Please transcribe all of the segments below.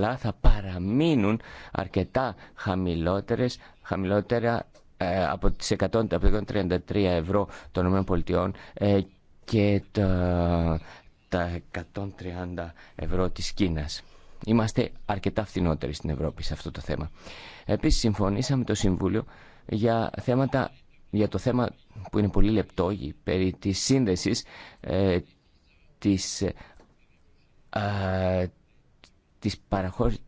αλλά θα παραμείνουν αρκετά χαμηλότερες, χαμηλότερα ε, από, τις 100, 133 ευρώ των ΗΠΑ ε, και τα, τα 130 ευρώ της Κίνας. Είμαστε αρκετά φθηνότεροι στην Ευρώπη σε αυτό το θέμα. Επίσης συμφωνήσαμε το Συμβούλιο για θέματα για το θέμα που είναι πολύ λεπτό περί της σύνδεσης ε, της, της, παραχώρησης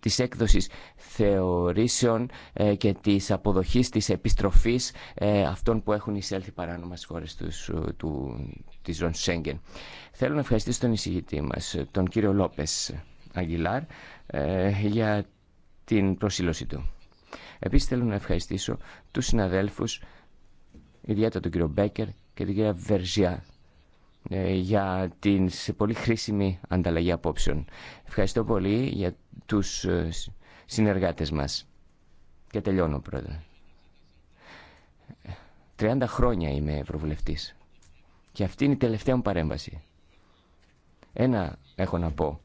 της έκδοσης θεωρήσεων ε, και της αποδοχής της επιστροφής ε, αυτών που έχουν εισέλθει παράνομα στις χώρες τους, του, της Ζων Σέγγεν. Θέλω να ευχαριστήσω τον εισηγητή μας, τον κύριο Λόπες Αγγιλάρ, ε, για την προσήλωσή του. Επίσης θέλω να ευχαριστήσω τους συναδέλφους, ιδιαίτερα τον κύριο Μπέκερ και την κυρία Βερζιά ε, για την πολύ χρήσιμη ανταλλαγή απόψεων. Ευχαριστώ πολύ για τους ε, συνεργάτες μας. Και τελειώνω, πρώτα. 30 χρόνια είμαι ευρωβουλευτής. Και αυτή είναι η τελευταία μου παρέμβαση. Ένα έχω να πω.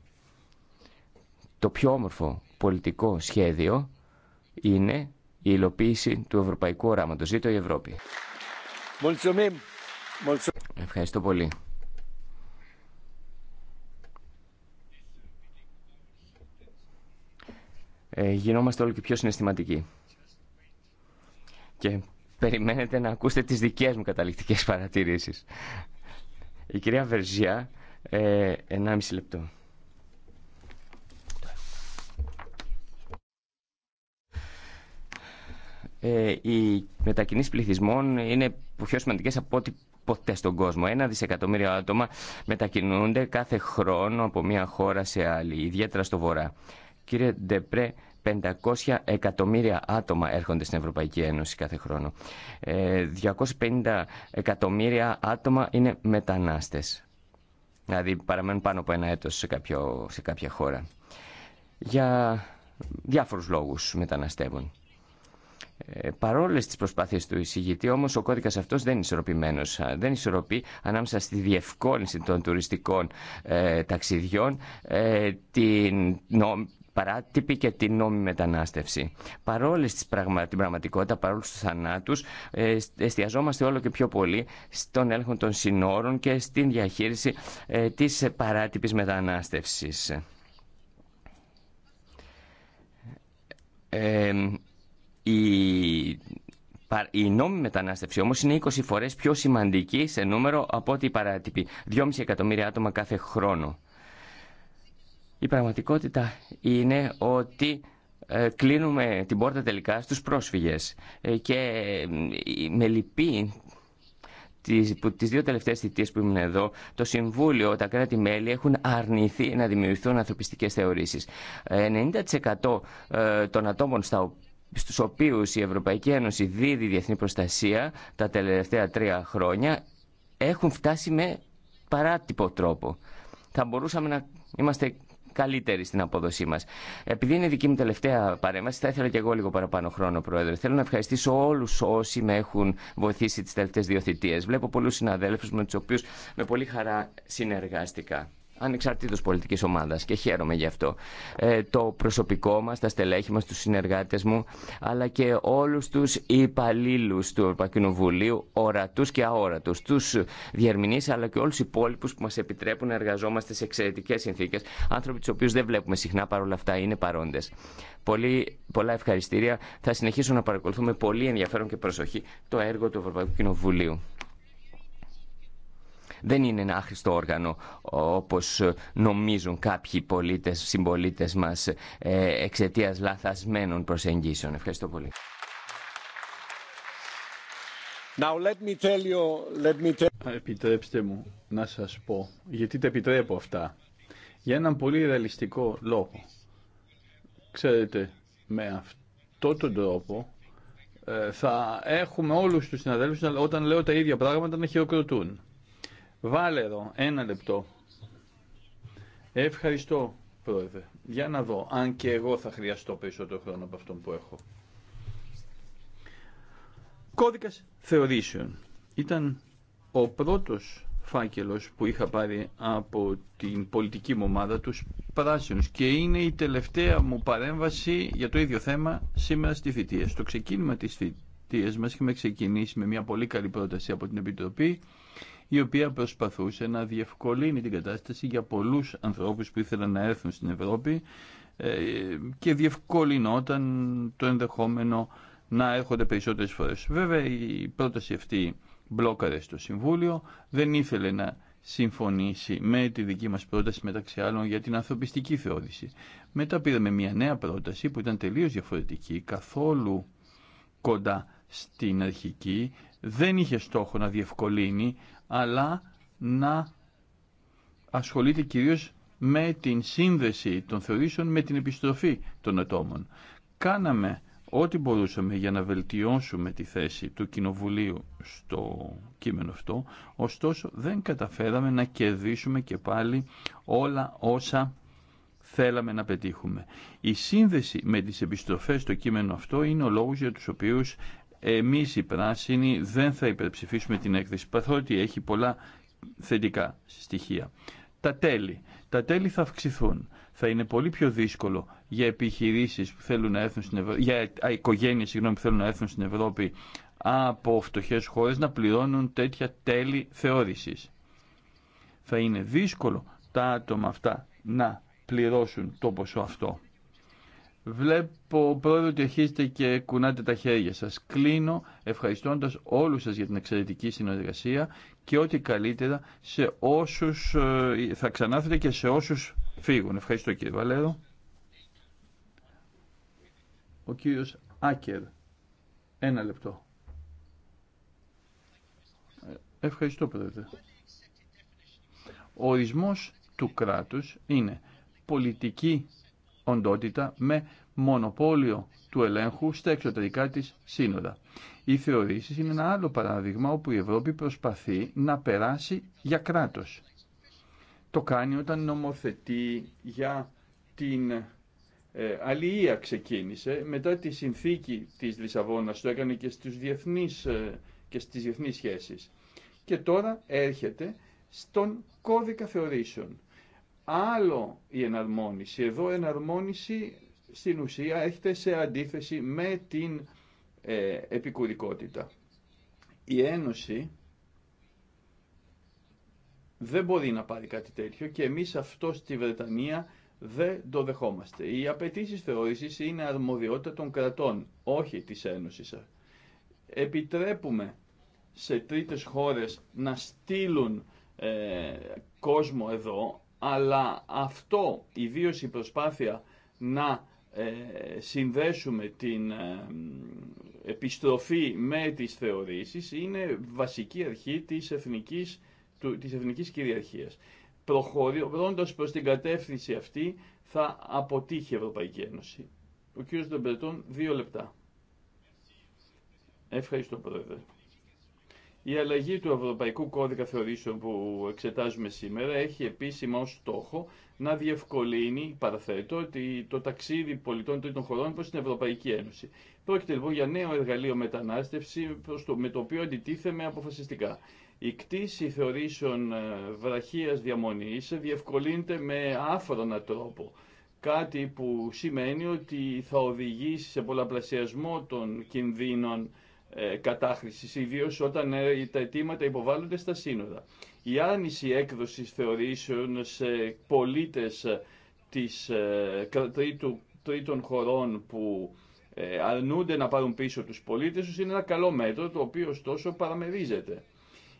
Το πιο όμορφο πολιτικό σχέδιο είναι η υλοποίηση του ευρωπαϊκού οράματος. Ζήτω η Ευρώπη. Ευχαριστώ πολύ. Ε, γινόμαστε όλο και πιο συναισθηματικοί. Και περιμένετε να ακούσετε τις δικές μου καταληκτικές παρατηρήσεις. Η κυρία Βερζιά, ε, 1,5 λεπτό. Ε, οι μετακινήσεις πληθυσμών είναι πιο σημαντικέ από ό,τι ποτέ στον κόσμο. Ένα δισεκατομμύριο άτομα μετακινούνται κάθε χρόνο από μία χώρα σε άλλη, ιδιαίτερα στο βορρά. Κύριε Ντεπρέ, 500 εκατομμύρια άτομα έρχονται στην Ευρωπαϊκή Ένωση κάθε χρόνο. 250 ε, εκατομμύρια άτομα είναι μετανάστες. Δηλαδή παραμένουν πάνω από ένα έτος σε, κάποιο, σε κάποια χώρα. Για διάφορους λόγους μεταναστεύουν. Ε, Παρόλε τι προσπάθειε του εισηγητή, όμω ο κώδικα αυτό δεν είναι ισορροπημένο. Δεν ισορροπεί ανάμεσα στη διευκόλυνση των τουριστικών ε, ταξιδιών, ε, την, νο, παράτυπη και την νόμιμη μετανάστευση. Παρόλες της πραγμα... την πραγματικότητα, παρόλου τους θανάτους, ε, εστιαζόμαστε όλο και πιο πολύ στον έλεγχο των συνόρων και στην διαχείριση ε, της παράτυπης μετανάστευσης. η η νόμιμη μετανάστευση όμως είναι 20 φορές πιο σημαντική σε νούμερο από ό,τι η παράτυπη. 2,5 εκατομμύρια άτομα κάθε χρόνο. Η πραγματικότητα είναι ότι ε, κλείνουμε την πόρτα τελικά στους πρόσφυγες ε, και ε, με λυπεί τις δύο τελευταίες θητείες που ήμουν εδώ, το Συμβούλιο, τα κράτη-μέλη έχουν αρνηθεί να δημιουργηθούν ανθρωπιστικές θεωρήσεις. 90% των ατόμων στα στους οποίους η Ευρωπαϊκή Ένωση δίδει διεθνή προστασία τα τελευταία τρία χρόνια έχουν φτάσει με παράτυπο τρόπο. Θα μπορούσαμε να είμαστε καλύτερη στην απόδοσή μα. Επειδή είναι δική μου τελευταία παρέμβαση, θα ήθελα και εγώ λίγο παραπάνω χρόνο, Πρόεδρε. Θέλω να ευχαριστήσω όλου όσοι με έχουν βοηθήσει τι τελευταίε δύο Βλέπω πολλού συναδέλφου με του οποίου με πολύ χαρά συνεργάστηκα ανεξαρτήτως πολιτικής ομάδας και χαίρομαι γι' αυτό. Ε, το προσωπικό μας, τα στελέχη μας, τους συνεργάτες μου, αλλά και όλους τους υπαλλήλου του Ευρωπαϊκού Κοινοβουλίου, ορατούς και αόρατους, τους διερμηνείς, αλλά και όλους τους υπόλοιπους που μας επιτρέπουν να εργαζόμαστε σε εξαιρετικές συνθήκες, άνθρωποι τους οποίους δεν βλέπουμε συχνά, παρόλα αυτά είναι παρόντες. Πολύ, πολλά ευχαριστήρια. Θα συνεχίσω να παρακολουθούμε πολύ ενδιαφέρον και προσοχή το έργο του Ευρωπαϊκού Κοινοβουλίου δεν είναι ένα άχρηστο όργανο όπως νομίζουν κάποιοι πολίτες, συμπολίτες μας ε, εξαιτία λαθασμένων προσεγγίσεων. Ευχαριστώ πολύ. Επιτρέψτε μου να σας πω, γιατί τα επιτρέπω αυτά, για έναν πολύ ρεαλιστικό λόγο. Ξέρετε, με αυτόν τον τρόπο ε, θα έχουμε όλους τους συναδέλφους όταν λέω τα ίδια πράγματα να χειροκροτούν. Βάλερο, ένα λεπτό. Ευχαριστώ, πρόεδρε. Για να δω, αν και εγώ θα χρειαστώ περισσότερο χρόνο από αυτόν που έχω. Κώδικας θεωρήσεων. Ήταν ο πρώτος φάκελος που είχα πάρει από την πολιτική μου ομάδα τους πράσινους και είναι η τελευταία μου παρέμβαση για το ίδιο θέμα σήμερα στη θητεία. Στο ξεκίνημα της θητείας μας είχαμε ξεκινήσει με μια πολύ καλή πρόταση από την Επιτροπή η οποία προσπαθούσε να διευκολύνει την κατάσταση για πολλούς ανθρώπους που ήθελαν να έρθουν στην Ευρώπη ε, και διευκολυνόταν το ενδεχόμενο να έρχονται περισσότερες φορές. Βέβαια η πρόταση αυτή μπλόκαρε στο Συμβούλιο, δεν ήθελε να συμφωνήσει με τη δική μας πρόταση μεταξύ άλλων για την ανθρωπιστική θεώρηση. Μετά πήραμε μια νέα πρόταση που ήταν τελείως διαφορετική, καθόλου κοντά στην αρχική, δεν είχε στόχο να διευκολύνει, αλλά να ασχολείται κυρίως με την σύνδεση των θεωρήσεων με την επιστροφή των ατόμων. Κάναμε ό,τι μπορούσαμε για να βελτιώσουμε τη θέση του Κοινοβουλίου στο κείμενο αυτό, ωστόσο δεν καταφέραμε να κερδίσουμε και πάλι όλα όσα θέλαμε να πετύχουμε. Η σύνδεση με τις επιστροφές στο κείμενο αυτό είναι ο λόγος για τους οποίους εμείς οι πράσινοι δεν θα υπερψηφίσουμε την έκθεση παθότι έχει πολλά θετικά στοιχεία. Τα τέλη. Τα τέλη θα αυξηθούν. Θα είναι πολύ πιο δύσκολο για επιχειρήσεις που θέλουν να έρθουν στην Ευρώπη, για οικογένειες που θέλουν να έρθουν στην Ευρώπη από φτωχέ χώρες να πληρώνουν τέτοια τέλη θεώρηση. Θα είναι δύσκολο τα άτομα αυτά να πληρώσουν το ποσό αυτό. Βλέπω, πρόεδρο, ότι αρχίζετε και κουνάτε τα χέρια σας. Κλείνω ευχαριστώντας όλους σας για την εξαιρετική συνεργασία και ό,τι καλύτερα σε όσους ε, θα ξανάρθετε και σε όσους φύγουν. Ευχαριστώ κύριε Βαλέρο. Ο κύριος Άκερ. Ένα λεπτό. Ευχαριστώ, πρόεδρε. Ο ορισμός του κράτους είναι πολιτική οντότητα με μονοπόλιο του ελέγχου στα εξωτερικά της σύνορα. Οι θεωρήσεις είναι ένα άλλο παράδειγμα όπου η Ευρώπη προσπαθεί να περάσει για κράτος. Το κάνει όταν νομοθετεί για την ε, αλληλεία ξεκίνησε, μετά τη συνθήκη της Λισαβόνας το έκανε και, στους διεθνείς, ε, και στις διεθνείς σχέσεις. Και τώρα έρχεται στον κώδικα θεωρήσεων άλλο η εναρμόνιση. Εδώ η εναρμόνιση στην ουσία έχετε σε αντίθεση με την ε, επικουρικότητα. Η Ένωση δεν μπορεί να πάρει κάτι τέτοιο και εμείς αυτό στη Βρετανία δεν το δεχόμαστε. Οι απαιτήσει θεώρηση είναι αρμοδιότητα των κρατών, όχι της Ένωσης. Επιτρέπουμε σε τρίτες χώρες να στείλουν ε, κόσμο εδώ, αλλά αυτό, ιδίω η προσπάθεια να ε, συνδέσουμε την ε, επιστροφή με τις θεωρήσεις είναι βασική αρχή της εθνικής, του, της εθνικής κυριαρχίας. Προχωρώντας προς την κατεύθυνση αυτή θα αποτύχει η Ευρωπαϊκή Ένωση. Ο κύριος Δεμπρετών, δύο λεπτά. Ευχαριστώ, Πρόεδρε. Η αλλαγή του Ευρωπαϊκού Κώδικα Θεωρήσεων που εξετάζουμε σήμερα έχει επίσημα ως στόχο να διευκολύνει, παραθέτω, το ταξίδι πολιτών τρίτων χωρών προς την Ευρωπαϊκή Ένωση. Πρόκειται λοιπόν για νέο εργαλείο μετανάστευση το, με το οποίο αντιτίθεμε αποφασιστικά. Η κτήση θεωρήσεων ε, βραχίας διαμονής διευκολύνεται με άφρονα τρόπο. Κάτι που σημαίνει ότι θα οδηγήσει σε πολλαπλασιασμό των κινδύνων ε, κατάχρησης, ιδίως όταν ε, τα αιτήματα υποβάλλονται στα σύνορα. Η άρνηση έκδοσης θεωρήσεων σε πολίτες ε, της τρίτου, τρίτων χωρών που αρνούνται να πάρουν πίσω τους πολίτες τους είναι ένα καλό μέτρο το οποίο ωστόσο παραμερίζεται.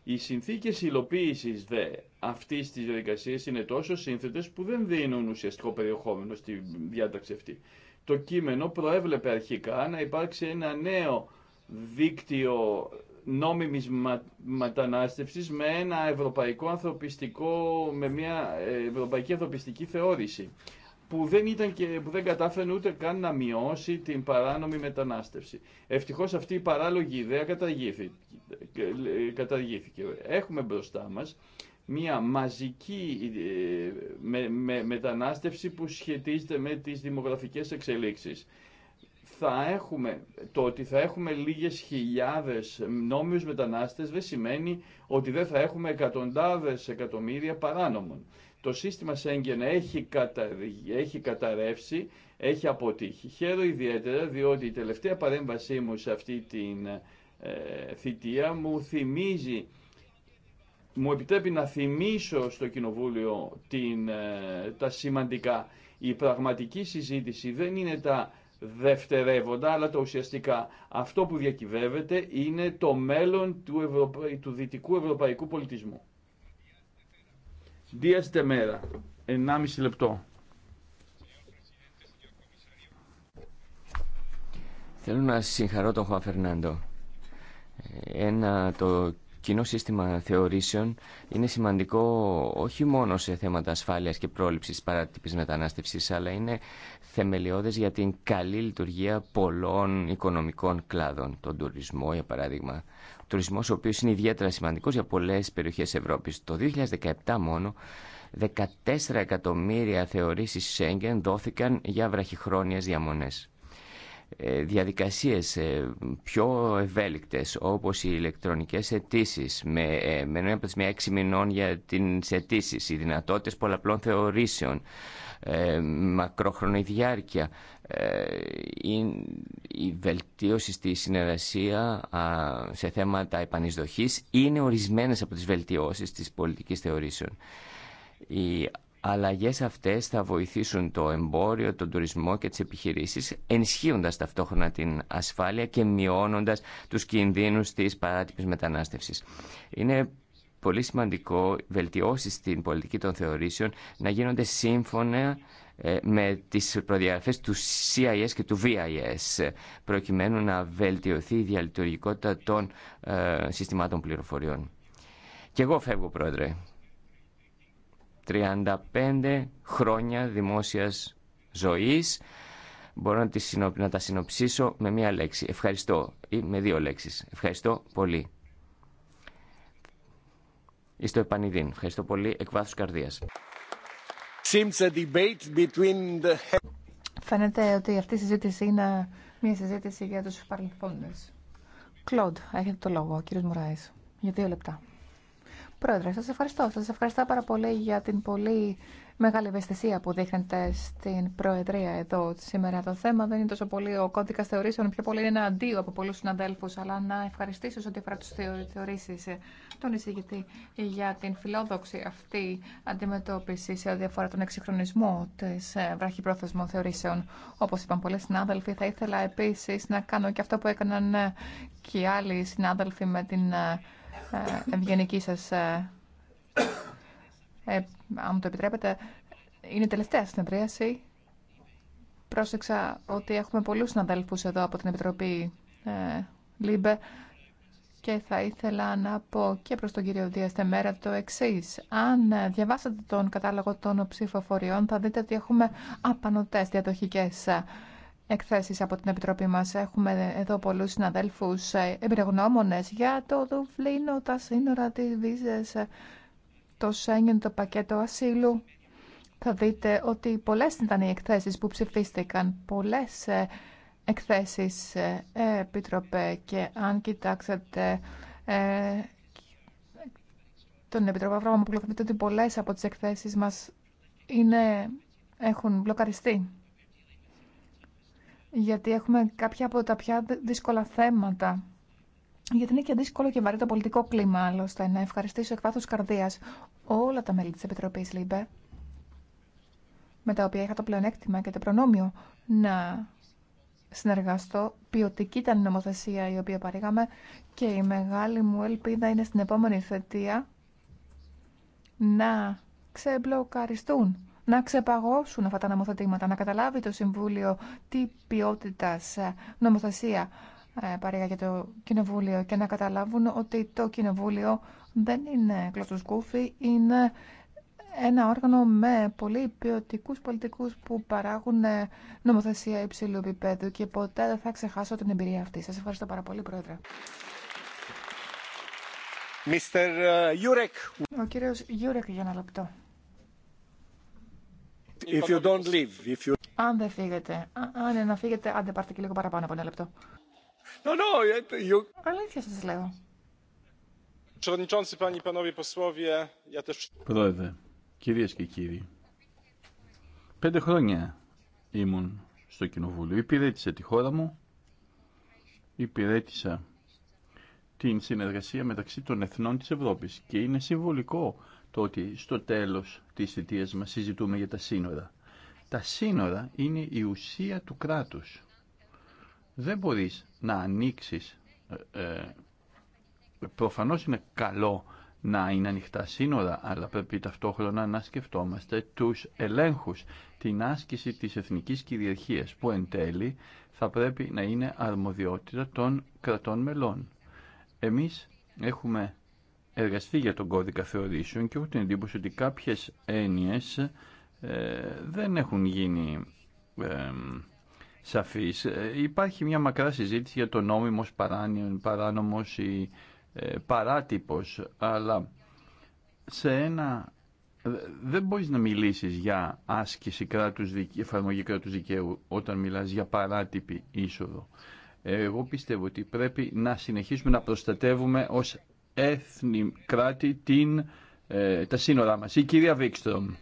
Οι συνθήκες υλοποίησης δε αυτής της διαδικασίας είναι τόσο σύνθετες που δεν δίνουν ουσιαστικό περιεχόμενο στη διάταξη αυτή. Το κείμενο προέβλεπε αρχικά να υπάρξει ένα νέο δίκτυο νόμιμης μετανάστευσης με ένα ευρωπαϊκό ανθρωπιστικό, με μια ε, ευρωπαϊκή ανθρωπιστική θεώρηση που δεν, ήταν και, που δεν κατάφερε ούτε καν να μειώσει την παράνομη μετανάστευση. Ευτυχώς αυτή η παράλογη ιδέα ε, καταργήθηκε. Έχουμε μπροστά μας μια μαζική ε, μετανάστευση που σχετίζεται με τις δημογραφικές εξελίξεις θα έχουμε, το ότι θα έχουμε λίγες χιλιάδες νόμιους μετανάστες δεν σημαίνει ότι δεν θα έχουμε εκατοντάδες εκατομμύρια παράνομων. Το σύστημα Σέγγεν έχει, έχει καταρρεύσει, έχει αποτύχει. Χαίρομαι ιδιαίτερα διότι η τελευταία παρέμβασή μου σε αυτή την ε, θητεία μου θυμίζει μου επιτρέπει να θυμίσω στο Κοινοβούλιο την, ε, τα σημαντικά. Η πραγματική συζήτηση δεν είναι τα δευτερεύοντα, αλλά το ουσιαστικά αυτό που διακυβεύεται είναι το μέλλον του, του δυτικού ευρωπαϊκού πολιτισμού. Δίας μέρα. 1,5 λεπτό. Θέλω να συγχαρώ τον Χωα Φερνάντο. Ε, ένα το κοινό σύστημα θεωρήσεων είναι σημαντικό όχι μόνο σε θέματα ασφάλειας και πρόληψης παράτυπης μετανάστευσης, αλλά είναι θεμελιώδες για την καλή λειτουργία πολλών οικονομικών κλάδων. Τον τουρισμό, για παράδειγμα. Ο τουρισμός ο οποίος είναι ιδιαίτερα σημαντικός για πολλές περιοχές Ευρώπης. Το 2017 μόνο 14 εκατομμύρια θεωρήσεις Σέγγεν δόθηκαν για βραχυχρόνιες διαμονές. Ε, διαδικασίες ε, πιο ευέλικτες όπως οι ηλεκτρονικές αιτήσει με, ε, με ένα μια έξι μηνών για τις αιτήσει, οι δυνατότητες πολλαπλών θεωρήσεων μακρόχρονη διάρκεια η βελτίωση στη συνεργασία σε θέματα επανεισδοχής είναι ορισμένες από τις βελτιώσεις της πολιτικής θεωρήσεων η αλλαγές αυτές θα βοηθήσουν το εμπόριο, τον τουρισμό και τις επιχειρήσεις, ενισχύοντας ταυτόχρονα την ασφάλεια και μειώνοντας τους κινδύνους της παράτυπης μετανάστευσης. Είναι πολύ σημαντικό βελτιώσεις στην πολιτική των θεωρήσεων να γίνονται σύμφωνα ε, με τις προδιαγραφές του CIS και του VIS προκειμένου να βελτιωθεί η διαλειτουργικότητα των ε, συστημάτων πληροφοριών. Και εγώ φεύγω, Πρόεδρε. 35 χρόνια δημόσιας ζωής. Μπορώ να, τις, να τα συνοψίσω με μία λέξη. Ευχαριστώ. Ή με δύο λέξεις. Ευχαριστώ πολύ. Ή στο επανειδήν. Ευχαριστώ πολύ. Εκ βάθους καρδίας. Φαίνεται ότι αυτή η με δυο λεξεις ευχαριστω πολυ ειστε επανειδην ευχαριστω πολυ εκ μία συζήτηση για τους παρελθόντες. Κλοντ, έχετε το λόγο, κύριος Μουράης. για δύο λεπτά. Πρόεδρε, σας ευχαριστώ. Σας ευχαριστώ πάρα πολύ για την πολύ μεγάλη ευαισθησία που δείχνετε στην Προεδρία εδώ σήμερα. Το θέμα δεν είναι τόσο πολύ ο κώδικα θεωρήσεων, πιο πολύ είναι ένα αντίο από πολλού συναδέλφου. Αλλά να ευχαριστήσω ό,τι αφορά του θεωρήσει ε, τον εισηγητή για την φιλόδοξη αυτή αντιμετώπιση σε ό,τι αφορά τον εξυγχρονισμό τη ε, βραχυπρόθεσμων θεωρήσεων. Όπω είπαν πολλοί συνάδελφοι, θα ήθελα επίση να κάνω και αυτό που έκαναν ε, και οι άλλοι συνάδελφοι με την ευγενική ε, σας, ε, ε, αν μου το επιτρέπετε, είναι η τελευταία συνεδρίαση. Πρόσεξα ότι έχουμε πολλούς συναδέλφους εδώ από την Επιτροπή ε, ΛΥΜΠΕ και θα ήθελα να πω και προς τον κύριο Μέρα το εξή. Αν ε, διαβάσατε τον κατάλογο των ψηφοφοριών θα δείτε ότι έχουμε απανοτές διαδοχικές εκθέσεις από την Επιτροπή μας. Έχουμε εδώ πολλούς συναδέλφους ε, εμπειρογνώμονες για το Δουβλίνο, τα σύνορα, τις βίζες, ε, το Σέγγεν, το πακέτο ασύλου. Θα δείτε ότι πολλές ήταν οι εκθέσεις που ψηφίστηκαν, πολλές ε, εκθέσεις, Επίτροπε, και αν κοιτάξετε τον επιτροπέ που θα ότι πολλές από τις εκθέσεις μας είναι, έχουν μπλοκαριστεί γιατί έχουμε κάποια από τα πια δύσκολα θέματα. Γιατί είναι και δύσκολο και βαρύ το πολιτικό κλίμα, άλλωστε. Να ευχαριστήσω εκ βάθου καρδίας όλα τα μέλη τη επιτροπή, ΛΥΜΠΕ, με τα οποία είχα το πλεονέκτημα και το προνόμιο να συνεργαστώ. Ποιοτική ήταν η νομοθεσία η οποία παρήγαμε και η μεγάλη μου ελπίδα είναι στην επόμενη θετία να ξεμπλοκαριστούν να ξεπαγώσουν αυτά τα νομοθετήματα, να καταλάβει το Συμβούλιο τι ποιότητα ε, νομοθεσία ε, παρήγα για το Κοινοβούλιο και να καταλάβουν ότι το Κοινοβούλιο δεν είναι κλωστοσκούφι, είναι ένα όργανο με πολύ ποιοτικού πολιτικούς που παράγουν ε, νομοθεσία υψηλού επίπεδου και ποτέ δεν θα ξεχάσω την εμπειρία αυτή. Σας ευχαριστώ πάρα πολύ, Πρόεδρε. Mr. Jurek. Ο κύριος Γιούρεκ για ένα λεπτό. Αν δεν φύγετε. Αν δεν να φύγετε, δεν πάρτε και λίγο παραπάνω από ένα λεπτό. Αλήθεια σας λέω. Πρόεδρε, κυρίες και κύριοι, πέντε χρόνια ήμουν στο Κοινοβούλιο. Υπηρέτησα τη χώρα μου, υπηρέτησα την συνεργασία μεταξύ των εθνών της Ευρώπης και είναι συμβολικό το ότι στο τέλος της θητείας μας συζητούμε για τα σύνορα. Τα σύνορα είναι η ουσία του κράτους. Δεν μπορείς να ανοίξεις. Ε, ε προφανώς είναι καλό να είναι ανοιχτά σύνορα, αλλά πρέπει ταυτόχρονα να σκεφτόμαστε τους ελέγχους, την άσκηση της εθνικής κυριαρχίας, που εν τέλει θα πρέπει να είναι αρμοδιότητα των κρατών μελών. Εμείς έχουμε εργαστεί για τον κώδικα θεωρήσεων και έχω την εντύπωση ότι κάποιες έννοιες ε, δεν έχουν γίνει ε, σαφείς. Υπάρχει μια μακρά συζήτηση για το νόμιμος παράνομος, ή ε, παράτυπος, αλλά σε ένα δεν μπορείς να μιλήσεις για άσκηση κράτους, εφαρμογή κράτους δικαίου όταν μιλάς για παράτυπη είσοδο. Εγώ πιστεύω ότι πρέπει να συνεχίσουμε να προστατεύουμε ως έθνη κράτη την, ε, τα σύνορά μας. Η κυρία Βίξτρομ.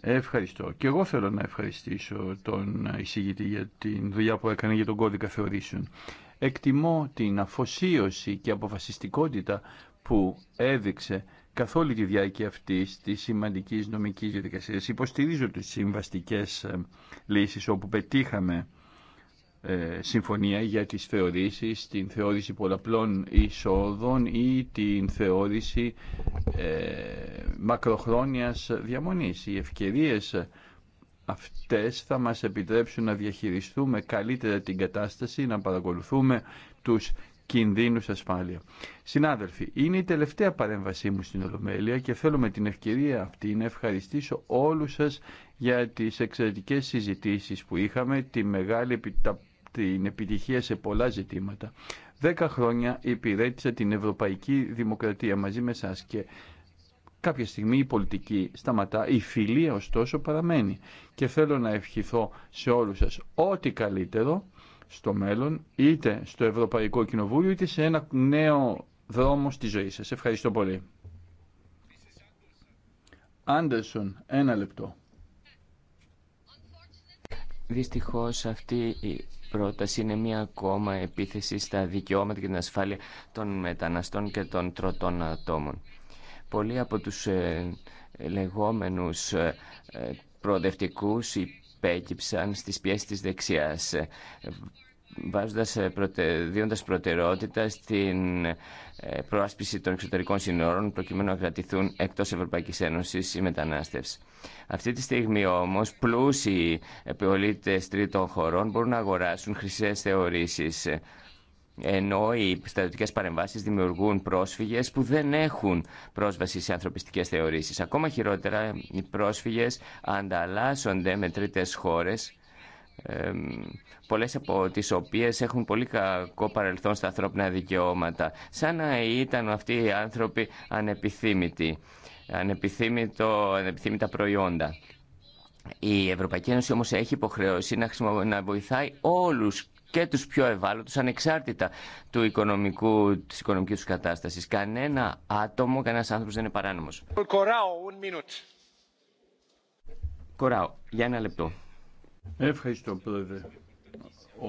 Ευχαριστώ. Και εγώ θέλω να ευχαριστήσω τον εισηγητή για την δουλειά που έκανε για τον κώδικα θεωρήσεων. Εκτιμώ την αφοσίωση και αποφασιστικότητα που έδειξε καθ' όλη τη διάρκεια αυτή τη σημαντική νομική διαδικασία. Υποστηρίζω τι συμβαστικέ ε, λύσει όπου πετύχαμε ε, συμφωνία για τις θεωρήσεις, την θεώρηση πολλαπλών εισόδων ή την θεώρηση ε, μακροχρόνιας διαμονής. Οι ευκαιρίες αυτές θα μας επιτρέψουν να διαχειριστούμε καλύτερα την κατάσταση, να παρακολουθούμε τους κινδύνους ασφάλεια. Συνάδελφοι, είναι η τελευταία παρέμβασή μου στην Ολομέλεια και θέλω με την ευκαιρία αυτή να ευχαριστήσω όλους σας για τις εξαιρετικές συζητήσεις που είχαμε, τη μεγάλη, τα την επιτυχία σε πολλά ζητήματα. Δέκα χρόνια υπηρέτησα την ευρωπαϊκή δημοκρατία μαζί με εσά και κάποια στιγμή η πολιτική σταματά, η φιλία ωστόσο παραμένει. Και θέλω να ευχηθώ σε όλους σας ό,τι καλύτερο στο μέλλον, είτε στο Ευρωπαϊκό Κοινοβούλιο, είτε σε ένα νέο δρόμο στη ζωή σας. Ευχαριστώ πολύ. Άντερσον, ένα λεπτό. Δυστυχώς αυτή πρόταση είναι μία ακόμα επίθεση στα δικαιώματα και την ασφάλεια των μεταναστών και των τροτών ατόμων. Πολλοί από τους ε, λεγόμενους ε, ε προοδευτικούς υπέκυψαν στις πιέσεις της δεξιάς βάζοντας, ε, προτεραιότητα στην ε, προάσπιση των εξωτερικών συνόρων προκειμένου να κρατηθούν εκτός Ευρωπαϊκής Ένωσης οι μετανάστευση. Αυτή τη στιγμή όμως πλούσιοι πολίτε τρίτων χωρών μπορούν να αγοράσουν χρυσές θεωρήσεις ενώ οι στρατιωτικέ παρεμβάσει δημιουργούν πρόσφυγε που δεν έχουν πρόσβαση σε ανθρωπιστικέ θεωρήσεις. Ακόμα χειρότερα, οι πρόσφυγε ανταλλάσσονται με τρίτε χώρε ε, πολλές από τις οποίες έχουν πολύ κακό παρελθόν στα ανθρώπινα δικαιώματα. Σαν να ήταν αυτοί οι άνθρωποι ανεπιθύμητοι, ανεπιθύμητο, ανεπιθύμητα προϊόντα. Η Ευρωπαϊκή Ένωση όμως έχει υποχρεώσει να, να βοηθάει όλους και τους πιο ευάλωτους ανεξάρτητα του οικονομικού, της οικονομικής τους κατάστασης. Κανένα άτομο, κανένας άνθρωπος δεν είναι παράνομος. Κοράω, για ένα λεπτό. Ευχαριστώ πρόεδρε. Ο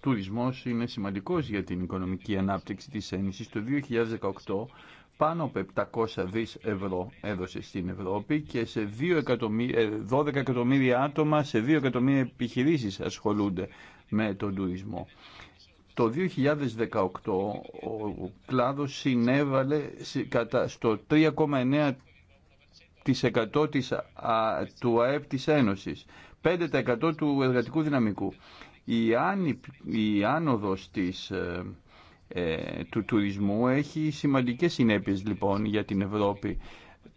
τουρισμός είναι σημαντικός για την οικονομική ανάπτυξη της Ένωσης. Το 2018 πάνω από 700 δις ευρώ έδωσε στην Ευρώπη και σε 2 εκατομμύρια, ε, 12 εκατομμύρια άτομα σε 2 εκατομμύρια επιχειρήσεις ασχολούνται με τον τουρισμό. Το 2018 ο κλάδος συνέβαλε στο 3,9% της, του ΑΕΠ της Ένωσης. 5% του εργατικού δυναμικού. Η, άνυ, άνοδος της, ε, ε, του τουρισμού έχει σημαντικές συνέπειες λοιπόν για την Ευρώπη.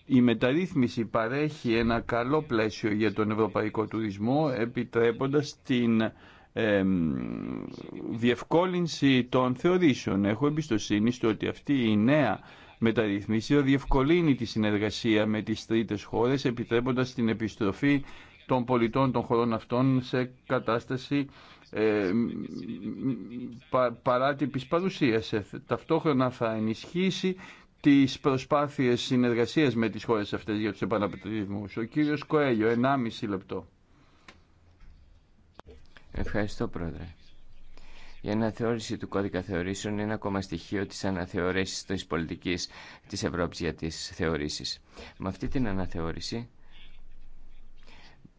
Η μεταρρύθμιση παρέχει ένα καλό πλαίσιο για τον ευρωπαϊκό τουρισμό επιτρέποντας την διευκόλυνση των θεωρήσεων. Έχω εμπιστοσύνη στο ότι αυτή η νέα μεταρρύθμιση διευκολύνει τη συνεργασία με τις τρίτες χώρες επιτρέποντας την επιστροφή των πολιτών των χωρών αυτών σε κατάσταση ε, πα, παράτυπης παρουσίας. Ε, ταυτόχρονα θα ενισχύσει τις προσπάθειες συνεργασίας με τις χώρες αυτές για τους επαναπτυσμούς. Ο κύριος Κοέλιο, 1,5 λεπτό. Ευχαριστώ, Πρόεδρε. Η αναθεώρηση του κώδικα θεωρήσεων είναι ακόμα στοιχείο της αναθεωρήσης της πολιτικής της Ευρώπης για τις θεωρήσεις. Με αυτή την αναθεώρηση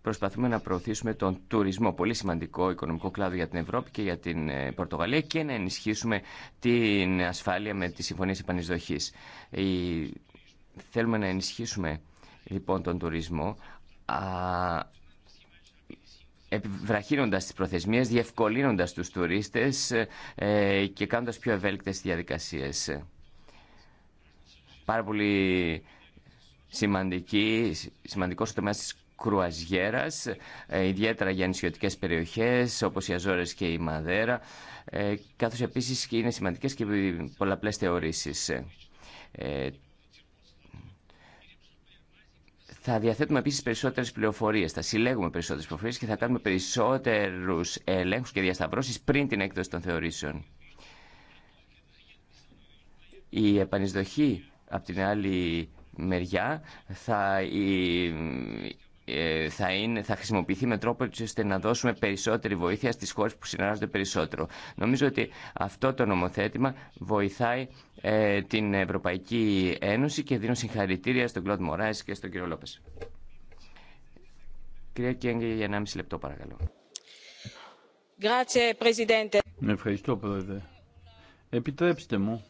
προσπαθούμε να προωθήσουμε τον τουρισμό, πολύ σημαντικό οικονομικό κλάδο για την Ευρώπη και για την ε, Πορτογαλία και να ενισχύσουμε την ασφάλεια με τις συμφωνίες επανεισδοχής. Θέλουμε να ενισχύσουμε λοιπόν τον τουρισμό βραχύνοντας τις προθεσμίες, διευκολύνοντας τους τουρίστες ε, και κάνοντας πιο ευέλικτες διαδικασίες. Πάρα πολύ σημαντικό σημαντικός ο τομέας κρουαζιέρας, ε, ιδιαίτερα για νησιωτικές περιοχές όπως οι Αζόρες και η Μαδέρα, ε, καθώς επίσης είναι σημαντικές και πολλαπλές θεωρήσεις. Ε, θα διαθέτουμε επίση περισσότερε πληροφορίε, θα συλλέγουμε περισσότερε πληροφορίε και θα κάνουμε περισσότερου ελέγχου και διασταυρώσει πριν την έκδοση των θεωρήσεων. Η επανεισδοχή, από την άλλη μεριά, θα ε, θα, είναι, θα χρησιμοποιηθεί με τρόπο ώστε να δώσουμε περισσότερη βοήθεια στις χώρες που συνεργάζονται περισσότερο. Νομίζω ότι αυτό το νομοθέτημα βοηθάει ε, την Ευρωπαϊκή Ένωση και δίνω συγχαρητήρια στον Κλοντ Μωράης και στον κύριο Λόπες. Κυρία Κέγγε, για 1,5 λεπτό παρακαλώ. Ευχαριστώ, Πρόεδρε. Επιτρέψτε μου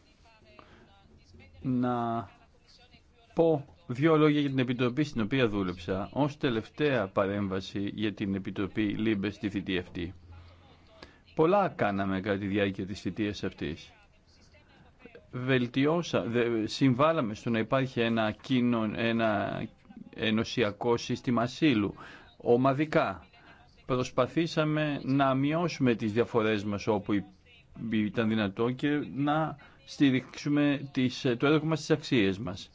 να πω Δύο λόγια για την Επιτροπή στην οποία δούλεψα, ως τελευταία παρέμβαση για την Επιτροπή Λίμπε στη θητεία αυτή. Πολλά κάναμε κατά τη διάρκεια της θητείας αυτής. συμβάλαμε στο να υπάρχει ένα, κοινο, ένα ενωσιακό σύστημα ασύλου, ομαδικά. Προσπαθήσαμε να μειώσουμε τις διαφορές μας όπου ήταν δυνατό και να στηρίξουμε τις, το έργο μας αξίες μας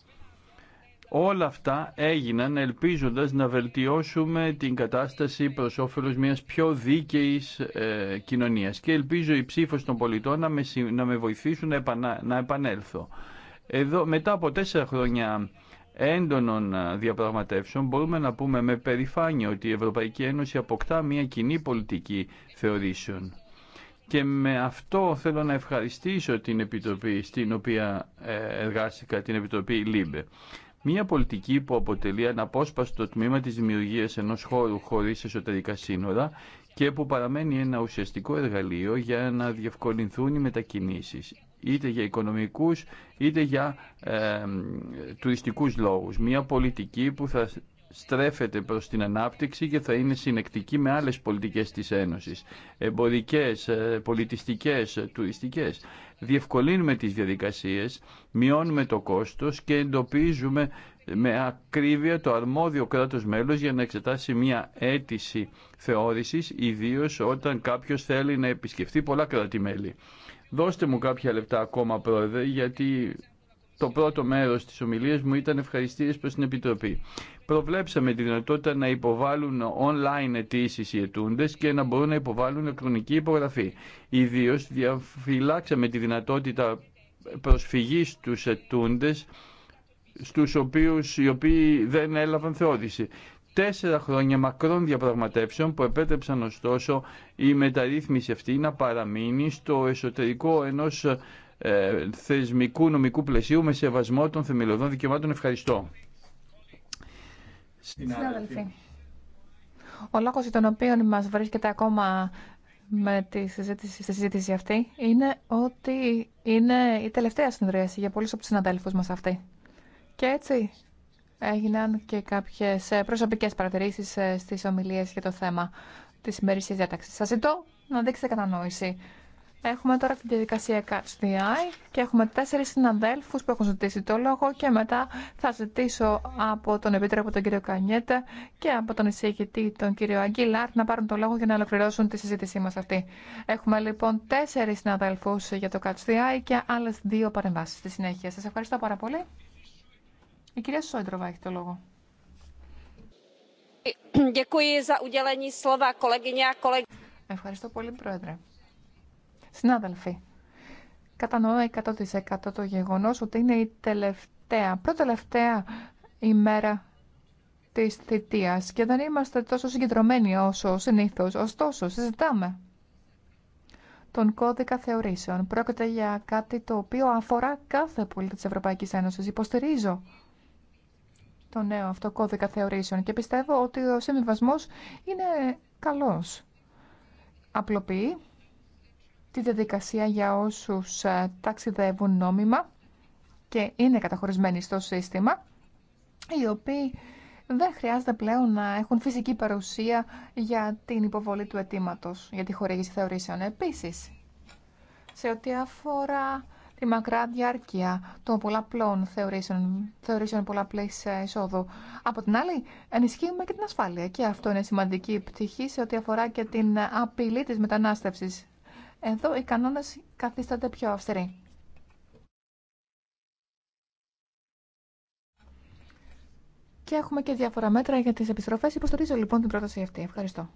Όλα αυτά έγιναν ελπίζοντας να βελτιώσουμε την κατάσταση προς όφελος μιας πιο δίκαιης ε, κοινωνίας και ελπίζω η ψήφος των πολιτών να με, να με βοηθήσουν να, επανέλθω. Εδώ, μετά από τέσσερα χρόνια έντονων ε, διαπραγματεύσεων μπορούμε να πούμε με περηφάνεια ότι η Ευρωπαϊκή Ένωση αποκτά μια κοινή πολιτική θεωρήσεων. Και με αυτό θέλω να ευχαριστήσω την Επιτροπή στην οποία ε, εργάστηκα, την Επιτροπή ΛΥΜΠΕ. Μία πολιτική που αποτελεί αναπόσπαστο τμήμα της δημιουργίας ενός χώρου χωρίς εσωτερικά σύνορα και που παραμένει ένα ουσιαστικό εργαλείο για να διευκολυνθούν οι μετακινήσεις είτε για οικονομικούς είτε για ε, τουριστικούς λόγους. Μια πολιτική που θα στρέφεται προς την ανάπτυξη και θα είναι συνεκτική με άλλες πολιτικές της Ένωσης, εμπορικές, ε, πολιτιστικές, ε, τουριστικές. Διευκολύνουμε τις διαδικασίες, μειώνουμε το κόστος και εντοπίζουμε με ακρίβεια το αρμόδιο κράτος μέλος για να εξετάσει μια αίτηση θεώρησης, ιδίως όταν κάποιος θέλει να επισκεφθει πολλα πολλά κράτη-μέλη. Δώστε μου κάποια λεπτά ακόμα, Πρόεδρε, γιατί το πρώτο μέρος της ομιλίας μου ήταν ευχαριστήρες προς την Επιτροπή. Προβλέψαμε τη δυνατότητα να υποβάλουν online αιτήσει οι ετούντε και να μπορούν να υποβάλουν ηλεκτρονική υπογραφή. Ιδίω διαφυλάξαμε τη δυνατότητα προσφυγή στους ετούντε, στους οποίους οι οποίοι δεν έλαβαν θεώρηση. Τέσσερα χρόνια μακρών διαπραγματεύσεων που επέτρεψαν ωστόσο η μεταρρύθμιση αυτή να παραμείνει στο εσωτερικό ενός ε, θεσμικού νομικού πλαισίου με σεβασμό των θεμελιωδών δικαιωμάτων. Ευχαριστώ. Συνάδελφοι, ο λόγος για τον οποίο μας βρίσκεται ακόμα με τη συζήτηση, στη συζήτηση αυτή είναι ότι είναι η τελευταία συνδρίαση για πολλούς από τους συναδέλφους μας αυτή. Και έτσι έγιναν και κάποιες προσωπικές παρατηρήσεις ε, στις ομιλίες για το θέμα της σημερινής διάταξης. Σας ζητώ να δείξετε κατανόηση. Έχουμε τώρα την διαδικασία Catch the Eye και έχουμε τέσσερις συναδέλφους που έχουν ζητήσει το λόγο και μετά θα ζητήσω από τον Επίτροπο τον κύριο Κανιέτε και από τον εισηγητή τον κύριο Αγγίλαρ να πάρουν το λόγο για να ολοκληρώσουν τη συζήτησή μας αυτή. Έχουμε λοιπόν τέσσερις συναδέλφους για το Catch the Eye και άλλες δύο παρεμβάσεις στη συνέχεια. Σας ευχαριστώ πάρα πολύ. Η κυρία Σόντροβα έχει το λόγο. Ε, ευχαριστώ πολύ, Πρόεδρε. Συνάδελφοι, κατανοώ 100% το γεγονός ότι είναι η τελευταία, προτελευταία ημέρα της θητείας και δεν είμαστε τόσο συγκεντρωμένοι όσο συνήθως. Ωστόσο, συζητάμε τον κώδικα θεωρήσεων. Πρόκειται για κάτι το οποίο αφορά κάθε πολίτη της Ευρωπαϊκής Ένωσης. Υποστηρίζω το νέο αυτό κώδικα θεωρήσεων και πιστεύω ότι ο συμβιβασμός είναι καλός. Απλοποιεί τη διαδικασία για όσους ε, ταξιδεύουν νόμιμα και είναι καταχωρισμένοι στο σύστημα, οι οποίοι δεν χρειάζεται πλέον να έχουν φυσική παρουσία για την υποβολή του αιτήματο για τη χορήγηση θεωρήσεων. Επίση, σε ό,τι αφορά τη μακρά διάρκεια των πολλαπλών θεωρήσεων, θεωρήσεων πολλαπλή ε, εισόδου. Από την άλλη, ενισχύουμε και την ασφάλεια. Και αυτό είναι σημαντική πτυχή σε ό,τι αφορά και την ε, απειλή τη μετανάστευση εδώ οι κανόνες καθίστανται πιο αυστηροί. Και έχουμε και διάφορα μέτρα για τις επιστροφές. Υποστηρίζω λοιπόν την πρόταση αυτή. Ευχαριστώ.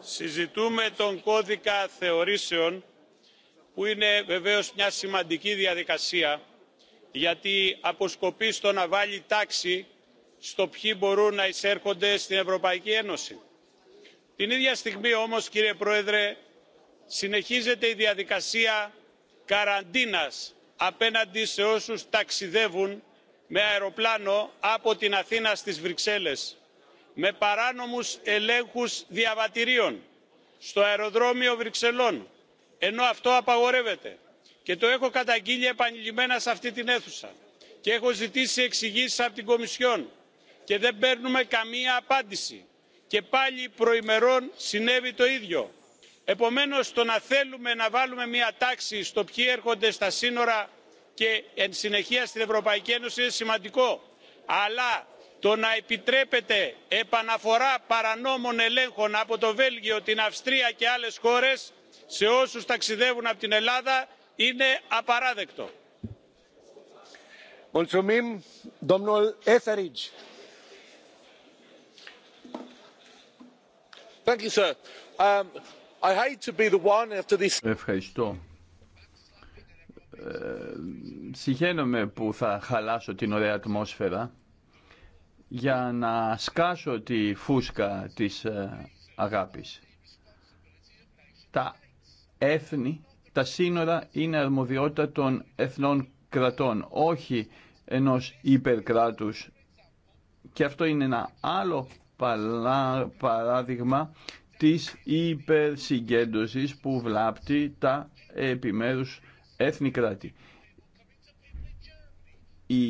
Συζητούμε τον κώδικα θεωρήσεων που είναι βεβαίως μια σημαντική διαδικασία γιατί αποσκοπεί στο να βάλει τάξη στο ποιοι μπορούν να εισέρχονται στην Ευρωπαϊκή Ένωση. Την ίδια στιγμή όμως κύριε Πρόεδρε συνεχίζεται η διαδικασία καραντίνας απέναντι σε όσους ταξιδεύουν με αεροπλάνο από την Αθήνα στις Βρυξέλλες με παράνομους ελέγχους διαβατηρίων στο αεροδρόμιο Βρυξελών ενώ αυτό απαγορεύεται και το έχω καταγγείλει επανειλημμένα σε αυτή την αίθουσα και έχω ζητήσει εξηγήσεις από την Κομισιόν και δεν παίρνουμε καμία απάντηση και πάλι προημερών συνέβη το ίδιο επομένως το να θέλουμε να βάλουμε μια τάξη στο ποιοι έρχονται στα σύνορα και εν συνεχεία στην ευρωπαϊκή ένωση είναι σημαντικό αλλά το να επιτρέπεται επαναφορά παρανόμων ελέγχων από το βέλγιο την αυστρία και άλλες χώρες σε όσους ταξιδεύουν από την ελλάδα είναι απαράδεκτο. Thank you, um, Ευχαριστώ. Ε, που θα χαλάσω την ωραία ατμόσφαιρα για να σκάσω τη φούσκα της ε, αγάπης. Τα έθνη, τα σύνορα είναι αρμοδιότητα των εθνών κρατών, όχι ενός υπερκράτους. Και αυτό είναι ένα άλλο παράδειγμα της υπερσυγκέντρωσης που βλάπτει τα επιμέρους έθνη κράτη. Οι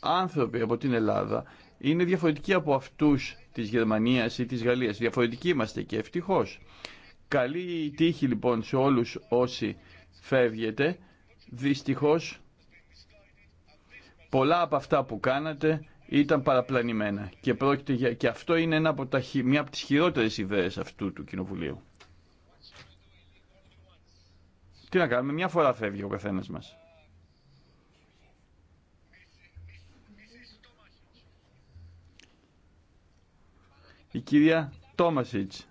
άνθρωποι από την Ελλάδα είναι διαφορετικοί από αυτούς της Γερμανίας ή της Γαλλίας. Διαφορετικοί είμαστε και ευτυχώς. Καλή τύχη λοιπόν σε όλους όσοι φεύγετε. Δυστυχώς πολλά από αυτά που κάνατε ήταν παραπλανημένα και, για... και αυτό είναι από τα... μια από τις χειρότερες ιδέες αυτού του κοινοβουλίου. Τι να κάνουμε, μια φορά φεύγει ο καθένας μας. Η κυρία Τόμασιτς.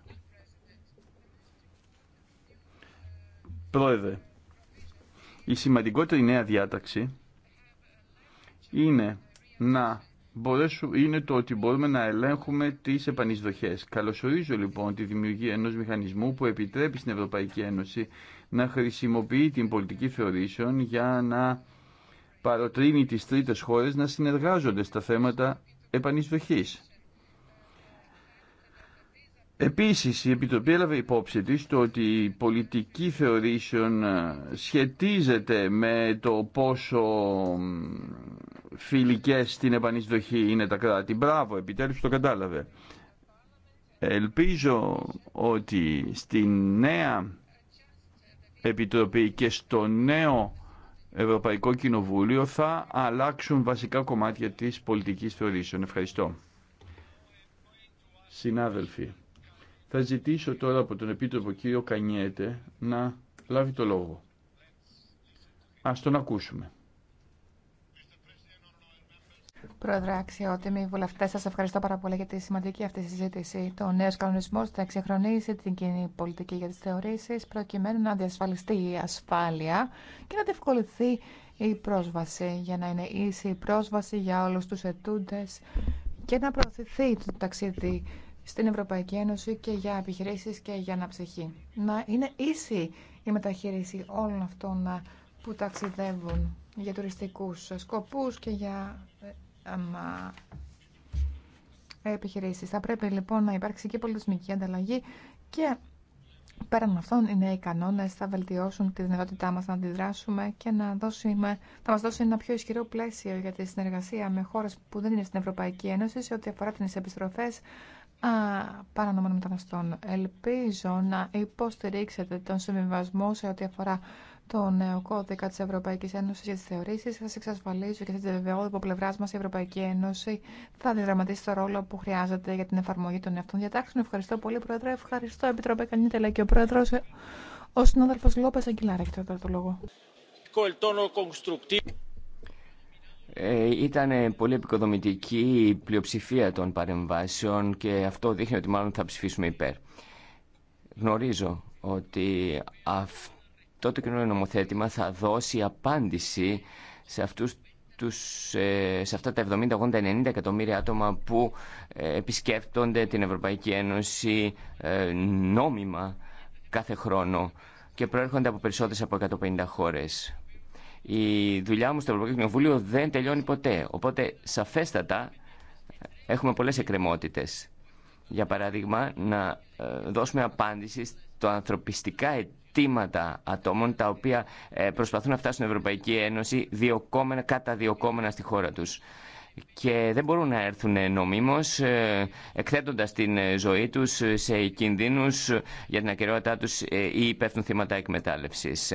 Πρόεδρε, η σημαντικότερη νέα διάταξη είναι να είναι το ότι μπορούμε να ελέγχουμε τι επανεισδοχέ. Καλωσορίζω λοιπόν τη δημιουργία ενό μηχανισμού που επιτρέπει στην Ευρωπαϊκή Ένωση να χρησιμοποιεί την πολιτική θεωρήσεων για να παροτρύνει τις τρίτες χώρες να συνεργάζονται στα θέματα επανεισδοχής. Επίσης, η Επιτροπή έλαβε υπόψη της το ότι η πολιτική θεωρήσεων σχετίζεται με το πόσο Φιλικέ στην επανεισδοχή είναι τα κράτη. Μπράβο, επιτέλους το κατάλαβε. Ελπίζω ότι στη νέα Επιτροπή και στο νέο Ευρωπαϊκό Κοινοβούλιο θα αλλάξουν βασικά κομμάτια της πολιτικής θεωρήσεων. Ευχαριστώ. Συνάδελφοι, θα ζητήσω τώρα από τον Επίτροπο κύριο Κανιέτε να λάβει το λόγο. Ας τον ακούσουμε. Πρόεδρε, αξιότιμη, βουλευτέ, σα ευχαριστώ πάρα πολύ για τη σημαντική αυτή συζήτηση. Το νέο κανονισμό θα εξεχρονίσει την κοινή πολιτική για τι θεωρήσει, προκειμένου να διασφαλιστεί η ασφάλεια και να διευκολυνθεί η πρόσβαση, για να είναι ίση η πρόσβαση για όλου του ετούντε και να προωθηθεί το ταξίδι στην Ευρωπαϊκή Ένωση και για επιχειρήσει και για αναψυχή. Να είναι ίση η μεταχείριση όλων αυτών που ταξιδεύουν για τουριστικούς σκοπούς και για επιχειρήσεις. Θα πρέπει λοιπόν να υπάρξει και πολιτισμική ανταλλαγή και πέραν αυτών οι νέοι κανόνε θα βελτιώσουν τη δυνατότητά μα να αντιδράσουμε και να δώσουμε, θα μας δώσουν ένα πιο ισχυρό πλαίσιο για τη συνεργασία με χώρες που δεν είναι στην Ευρωπαϊκή Ένωση σε ό,τι αφορά τι επιστροφέ παρανομών μεταναστών. Ελπίζω να υποστηρίξετε τον συμβιβασμό σε ό,τι αφορά το νέο κώδικα της Ευρωπαϊκής Ένωσης για τις θεωρήσεις. Θα σας εξασφαλίσω και θα την βεβαιώ από πλευράς μας η Ευρωπαϊκή Ένωση θα αντιδραματίσει το ρόλο που χρειάζεται για την εφαρμογή των αυτών διατάξεων. Ευχαριστώ πολύ, Πρόεδρε. Ευχαριστώ, Επιτροπέ Κανίτελα και ο Πρόεδρος, ο συνάδελφος Λόπες Αγγιλάρα. Έχει τώρα το λόγο. Ε, ήταν πολύ επικοδομητική η πλειοψηφία των παρεμβάσεων και αυτό δείχνει ότι μάλλον θα ψηφίσουμε υπέρ. Γνωρίζω ότι αυτό Τότε το κοινό νομοθέτημα θα δώσει απάντηση σε, αυτούς τους, ε, σε αυτά τα 70, 80, 90 εκατομμύρια άτομα που ε, επισκέπτονται την Ευρωπαϊκή Ένωση ε, νόμιμα κάθε χρόνο και προέρχονται από περισσότερες από 150 χώρες. Η δουλειά μου στο Ευρωπαϊκό Κοινοβούλιο δεν τελειώνει ποτέ, οπότε σαφέστατα έχουμε πολλές εκκρεμότητες. Για παράδειγμα, να δώσουμε απάντηση στο ανθρωπιστικά Τίματα ατόμων τα οποία ε, προσπαθούν να φτάσουν στην Ευρωπαϊκή Ένωση διοκόμενα, καταδιοκόμενα στη χώρα τους και δεν μπορούν να έρθουν νομίμως ε, εκθέτοντας την ε, ζωή τους σε κινδύνους για την ακαιρεότητά τους ή πέφτουν θύματα εκμετάλλευσης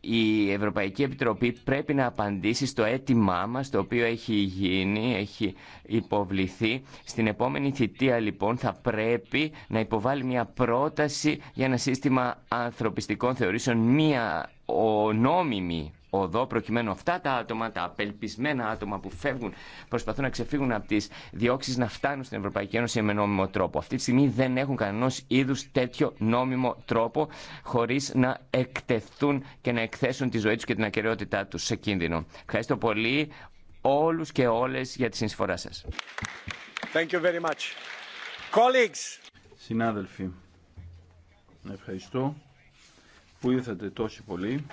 η Ευρωπαϊκή Επιτροπή πρέπει να απαντήσει στο αίτημά μας το οποίο έχει γίνει, έχει υποβληθεί. Στην επόμενη θητεία λοιπόν θα πρέπει να υποβάλει μια πρόταση για ένα σύστημα ανθρωπιστικών θεωρήσεων, μια νόμιμη οδό προκειμένου αυτά τα άτομα, τα απελπισμένα άτομα που φεύγουν, προσπαθούν να ξεφύγουν από τι διώξει να φτάνουν στην Ευρωπαϊκή Ένωση με νόμιμο τρόπο. Αυτή τη στιγμή δεν έχουν κανένα είδου τέτοιο νόμιμο τρόπο χωρί να εκτεθούν και να εκθέσουν τη ζωή του και την ακεραιότητά του σε κίνδυνο. Ευχαριστώ πολύ όλου και όλε για τη συνεισφορά σα. Συνάδελφοι, ευχαριστώ που ήρθατε τόσο πολύ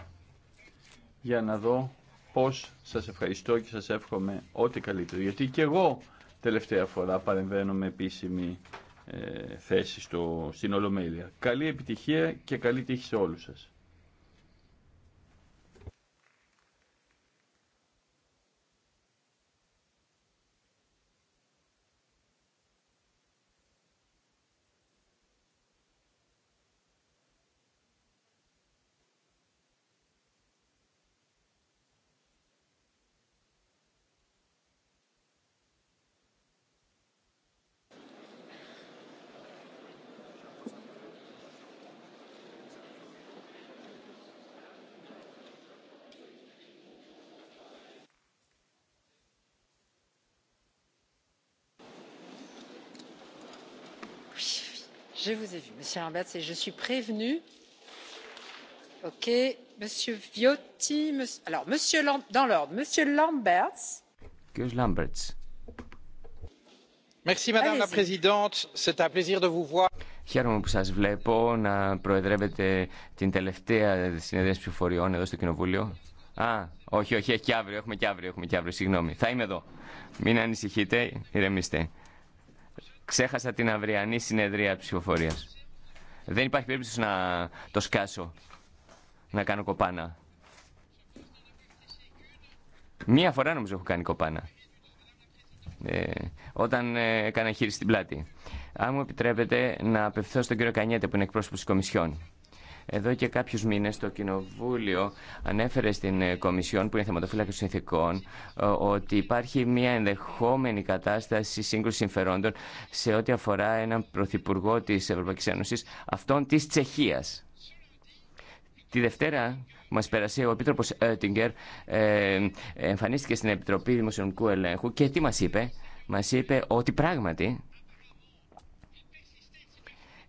για να δω πώς σας ευχαριστώ και σας εύχομαι ό,τι καλύτερο. Γιατί και εγώ τελευταία φορά παρεμβαίνω με επίσημη ε, θέση στο, στην Ολομέλεια. Καλή επιτυχία και καλή τύχη σε όλους σας. je vous monsieur je suis Χαίρομαι που σας βλέπω να προεδρεύετε την τελευταία συνεδρίαση ψηφοφοριών εδώ στο Κοινοβούλιο. Α, όχι, όχι, έχει και αύριο, έχουμε και αύριο, έχουμε και αύριο, συγγνώμη. Θα είμαι εδώ. Μην ανησυχείτε, ηρεμήστε. Ξέχασα την αυριανή συνεδρία ψηφοφορία. Δεν υπάρχει περίπτωση να το σκάσω, να κάνω κοπάνα. Μία φορά νομίζω έχω κάνει κοπάνα. Ε, όταν ε, έκανα χείριση στην πλάτη. Αν μου επιτρέπετε να απευθύνω στον κύριο Κανιέτε που είναι εκπρόσωπο τη Κομισιόν. Εδώ και κάποιους μήνες το Κοινοβούλιο ανέφερε στην ε, Κομισιόν, που είναι θεματοφύλακα των συνθήκων, ότι υπάρχει μια ενδεχόμενη κατάσταση σύγκρουση συμφερόντων σε ό,τι αφορά έναν Πρωθυπουργό της Ευρωπαϊκή Ένωση, αυτόν της Τσεχίας. Τη Δευτέρα μα πέρασε ο Επίτροπο Έτιγκερ, εμφανίστηκε στην Επιτροπή Δημοσιονομικού Ελέγχου και τι μα είπε. Μα είπε ότι πράγματι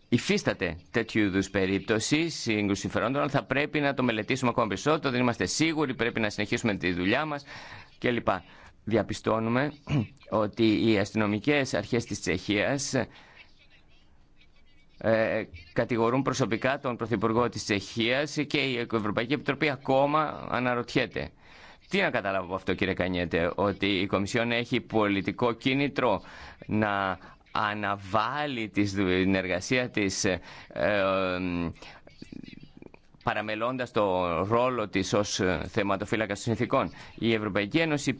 υφίσταται τέτοιου είδου περίπτωση σύγκρουση συμφερόντων, αλλά θα πρέπει να το μελετήσουμε ακόμα περισσότερο. Δεν είμαστε σίγουροι, πρέπει να συνεχίσουμε τη δουλειά μα κλπ. Διαπιστώνουμε ότι οι αστυνομικέ αρχέ τη Τσεχία ε, κατηγορούν προσωπικά τον Πρωθυπουργό της Τσεχίας και η Ευρωπαϊκή Επιτροπή ακόμα αναρωτιέται. Τι να καταλάβω από αυτό κύριε Κανιέτε, ότι η Κομισιόν έχει πολιτικό κίνητρο να αναβάλει την εργασία της ε, παραμελώντας το ρόλο της ως ε, θεματοφύλακα των συνθήκων. Η Ευρωπαϊκή Ένωση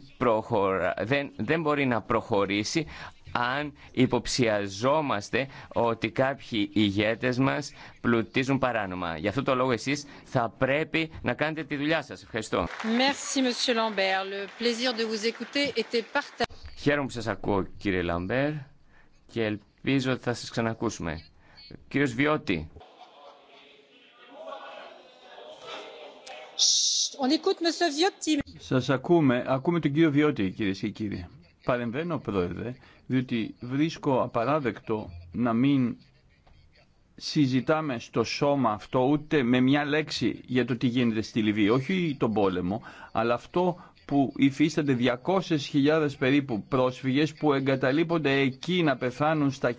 δεν, δεν μπορεί να προχωρήσει αν υποψιαζόμαστε ότι κάποιοι ηγέτες μας πλουτίζουν παράνομα. Γι' αυτό το λόγο εσείς θα πρέπει να κάνετε τη δουλειά σας. Ευχαριστώ. Merci, Le de vous était Χαίρομαι που σας ακούω, κύριε Λαμπέρ και ελπίζω ότι θα σας ξανακούσουμε. Κύριος Βιώτη. Σας ακούμε, ακούμε τον κύριο Βιώτη κύριε και κύριοι. Παρεμβαίνω πρόεδρε, διότι βρίσκω απαράδεκτο να μην συζητάμε στο σώμα αυτό ούτε με μια λέξη για το τι γίνεται στη Λιβύη, όχι τον πόλεμο, αλλά αυτό που υφίστανται 200.000 περίπου πρόσφυγες που εγκαταλείπονται εκεί να πεθάνουν στα,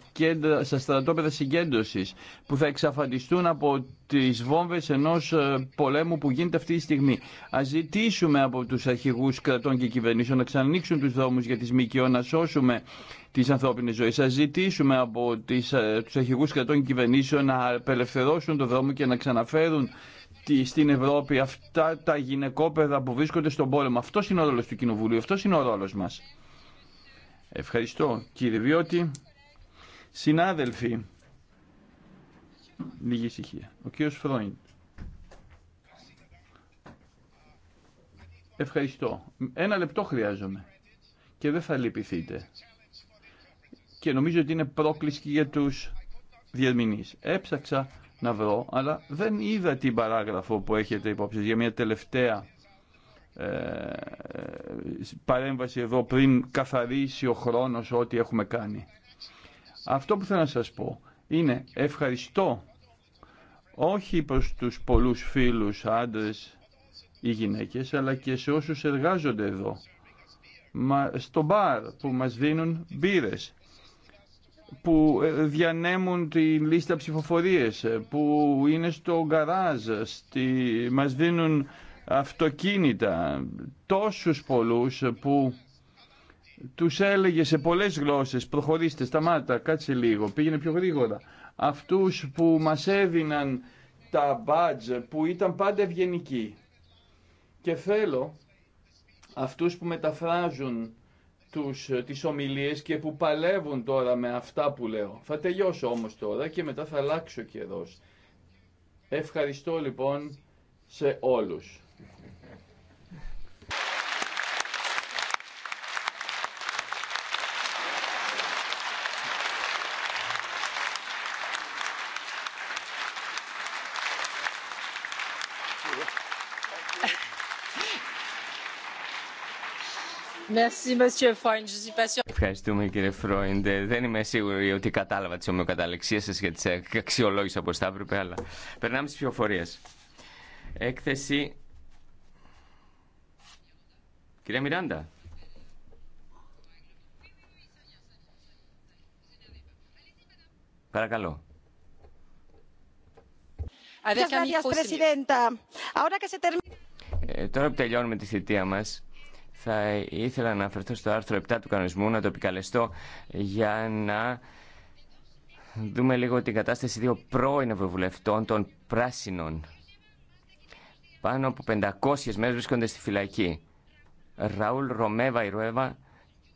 στρατόπεδα συγκέντρωσης, που θα εξαφανιστούν από τις βόμβες ενός ε, πολέμου που γίνεται αυτή τη στιγμή. Ας ζητήσουμε από τους αρχηγούς κρατών και κυβερνήσεων να ξανανοίξουν τους δρόμους για τις ΜΚΟ, να σώσουμε τις ανθρώπινες ζωές. Ας ζητήσουμε από τις, ε, τους αρχηγούς κρατών και κυβερνήσεων να απελευθερώσουν τον δρόμο και να ξαναφέρουν στην Ευρώπη, αυτά τα γυναικόπαιδα που βρίσκονται στον πόλεμο. Αυτό είναι ο ρόλο του Κοινοβουλίου, αυτό είναι ο ρόλο μας. Ευχαριστώ κύριε Βιώτη. Συνάδελφοι, λίγη ησυχία. Ο κύριος Φρόιντ. Ευχαριστώ. Ένα λεπτό χρειάζομαι και δεν θα λυπηθείτε. Και νομίζω ότι είναι πρόκληση για τους διερμηνείς. Έψαξα να βρω, αλλά δεν είδα την παράγραφο που έχετε υπόψη για μια τελευταία ε, παρέμβαση εδώ πριν καθαρίσει ο χρόνος ό,τι έχουμε κάνει. Αυτό που θέλω να σας πω είναι ευχαριστώ όχι προς τους πολλούς φίλους, άντρες ή γυναίκες, αλλά και σε όσους εργάζονται εδώ, στο μπαρ που μας δίνουν μπύρες, που ε, διανέμουν τη λίστα ψηφοφορίες, ε, που είναι στο γκαράζ, στη... μας δίνουν αυτοκίνητα, τόσους πολλούς ε, που τους έλεγε σε πολλές γλώσσες προχωρήστε, σταμάτα, κάτσε λίγο, πήγαινε πιο γρήγορα. Αυτούς που μας έδιναν τα μπάτζ που ήταν πάντα ευγενικοί. Και θέλω αυτούς που μεταφράζουν τους, ε, τις ομιλίες και που παλεύουν τώρα με αυτά που λέω. Θα τελειώσω όμως τώρα και μετά θα αλλάξω καιρός. Ευχαριστώ λοιπόν σε όλους. Ευχαριστούμε κύριε Φρόιντ. Δεν είμαι σίγουρη ότι κατάλαβα τι ομοιοκαταληξίε σα και τι αξιολόγησα όπω θα έπρεπε, αλλά περνάμε στι πληροφορίε. Έκθεση. Κυρία Μιράντα. Παρακαλώ. Ε, τώρα που τελειώνουμε τη θητεία μας, θα ήθελα να αναφερθώ στο άρθρο 7 του κανονισμού, να το επικαλεστώ για να δούμε λίγο την κατάσταση δύο πρώην ευρωβουλευτών των πράσινων. Πάνω από 500 μέρες βρίσκονται στη φυλακή. Ραούλ Ρομέβα Ιρουέβα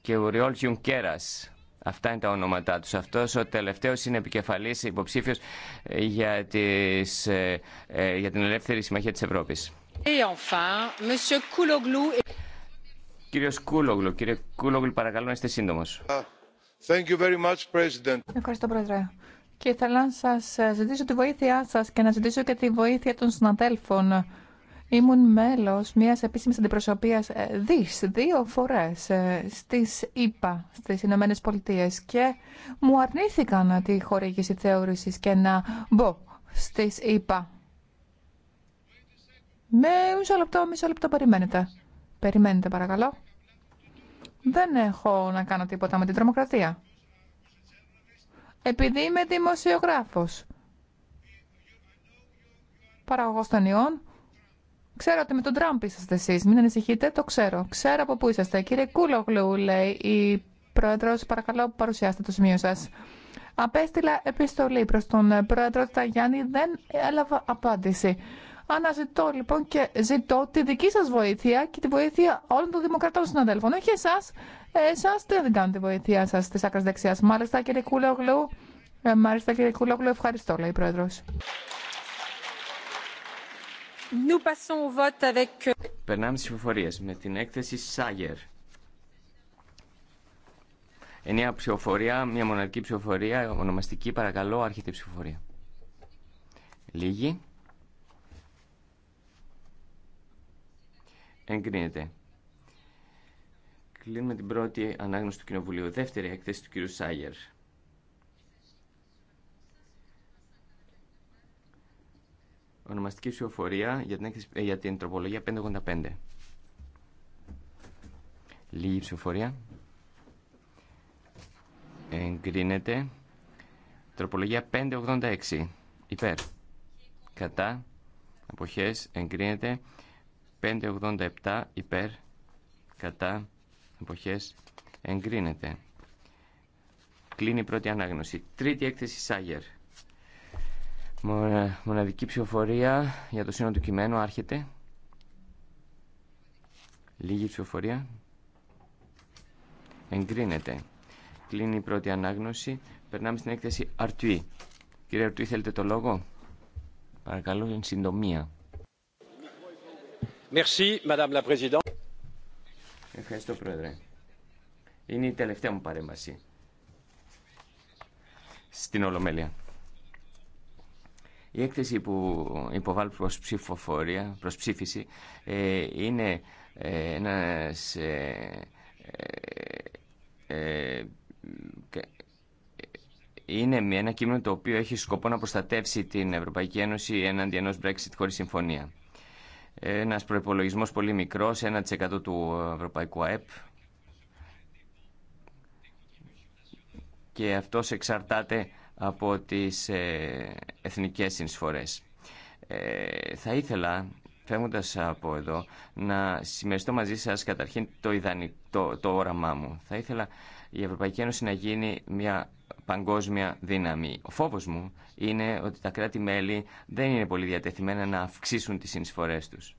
και Ουριόλ Χιουνκέρας. Αυτά είναι τα ονόματά τους. Αυτός ο τελευταίος είναι επικεφαλής υποψήφιος ε, για, τις, ε, ε, για την ελεύθερη συμμαχία της Ευρώπης. Et enfin, Κύριο Κούλογλου, κύριε Κούλογλου, παρακαλώ να είστε σύντομο. Ευχαριστώ, Πρόεδρε. Και ήθελα να σα ε, ζητήσω τη βοήθειά σα και να ζητήσω και τη βοήθεια των συναδέλφων. Ήμουν μέλο μια επίσημη αντιπροσωπεία ε, δι δύο φορέ ε, στι ΗΠΑ, στι Ηνωμένε Πολιτείε. Και μου αρνήθηκαν τη χορήγηση θεώρηση και να μπω στι ΗΠΑ. Με μισό λεπτό, μισό λεπτό περιμένετε. Περιμένετε, παρακαλώ δεν έχω να κάνω τίποτα με την τρομοκρατία. Επειδή είμαι δημοσιογράφος, παραγωγός των ιών, ξέρω ότι με τον Τραμπ είσαστε εσείς, μην ανησυχείτε, το ξέρω. Ξέρω από πού είσαστε. Κύριε Κούλογλου, λέει η πρόεδρος, παρακαλώ παρουσιάστε το σημείο σας. Απέστειλα επιστολή προς τον πρόεδρο Ταγιάννη, δεν έλαβα απάντηση. Αναζητώ λοιπόν και ζητώ τη δική σας βοήθεια και τη βοήθεια όλων των δημοκρατών συναδέλφων. Όχι εσάς, εσάς δεν κάνετε βοήθεια σας της άκρας δεξιάς. Μάλιστα κύριε Κούλογλου, ε, μάλιστα κύριε ευχαριστώ λέει η Πρόεδρος. Euh, Περνάμε στις ψηφοφορίες με την έκθεση Σάγερ. Ενία ψηφοφορία, μια μοναδική ψηφοφορία, ονομαστική, παρακαλώ, άρχεται η ψηφοφορία. Λίγη. Εγκρίνεται. Κλείνουμε την πρώτη ανάγνωση του Κοινοβουλίου. Δεύτερη έκθεση του κ. Σάγερ. Ονομαστική ψηφοφορία για την, ε, για την τροπολογία 585. Λίγη ψηφοφορία. Εγκρίνεται. Τροπολογία 586. Υπέρ. Κατά. Αποχές. Εγκρίνεται. 587 υπέρ κατά εποχές εγκρίνεται. Κλείνει η πρώτη ανάγνωση. Τρίτη έκθεση Σάγερ. Μοναδική ψηφοφορία για το σύνολο του κειμένου άρχεται. Λίγη ψηφοφορία. Εγκρίνεται. Κλείνει η πρώτη ανάγνωση. Περνάμε στην έκθεση Αρτουή. Κύριε Αρτουή, θέλετε το λόγο. Παρακαλώ, είναι συντομία. Ευχαριστώ, Πρόεδρε. Είναι η τελευταία μου παρέμβαση στην Ολομέλεια. Η έκθεση που υποβάλλω προς ψηφοφορία, προς ψήφιση, ε, είναι ε, ένας ε, είναι ένα κείμενο το οποίο έχει σκοπό να προστατεύσει την Ευρωπαϊκή Ένωση έναντι ενός Brexit χωρίς συμφωνία. Ένα προπολογισμό πολύ μικρός, 1% του Ευρωπαϊκού ΑΕΠ και αυτός εξαρτάται από τις ε, εθνικές συνσφορές. Ε, θα ήθελα, φεύγοντα από εδώ, να συμμεριστώ μαζί σας καταρχήν το, ιδανικό, το, το όραμά μου. Θα ήθελα η Ευρωπαϊκή Ένωση να γίνει μια παγκόσμια δύναμη. Ο φόβο μου είναι ότι τα κράτη-μέλη δεν είναι πολύ διατεθειμένα να αυξήσουν τι συνεισφορές τους.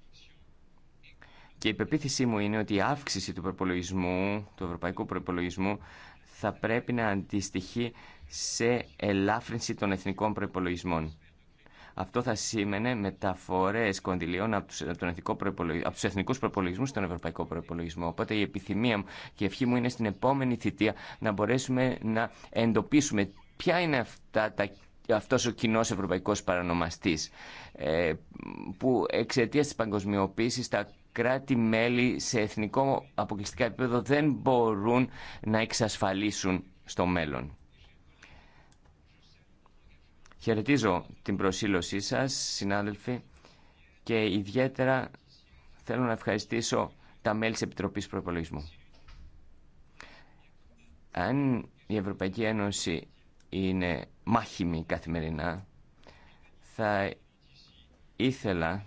Και η πεποίθησή μου είναι ότι η αύξηση του προπολογισμού, του ευρωπαϊκού προπολογισμού, θα πρέπει να αντιστοιχεί σε ελάφρυνση των εθνικών προπολογισμών. Αυτό θα σήμαινε μεταφορέ κονδυλίων από του εθνικού προπολογισμού στον ευρωπαϊκό προπολογισμό. Οπότε η επιθυμία μου και η ευχή μου είναι στην επόμενη θητεία να μπορέσουμε να εντοπίσουμε ποια είναι αυτά τα αυτός ο κοινό ευρωπαϊκός παρανομαστής ε, που εξαιτία της παγκοσμιοποίησης τα κράτη-μέλη σε εθνικό αποκλειστικά επίπεδο δεν μπορούν να εξασφαλίσουν στο μέλλον. Χαιρετίζω την προσήλωσή σας, συνάδελφοι, και ιδιαίτερα θέλω να ευχαριστήσω τα μέλη της Επιτροπής Προπολογισμού. Αν η Ευρωπαϊκή Ένωση είναι μάχημη καθημερινά, θα ήθελα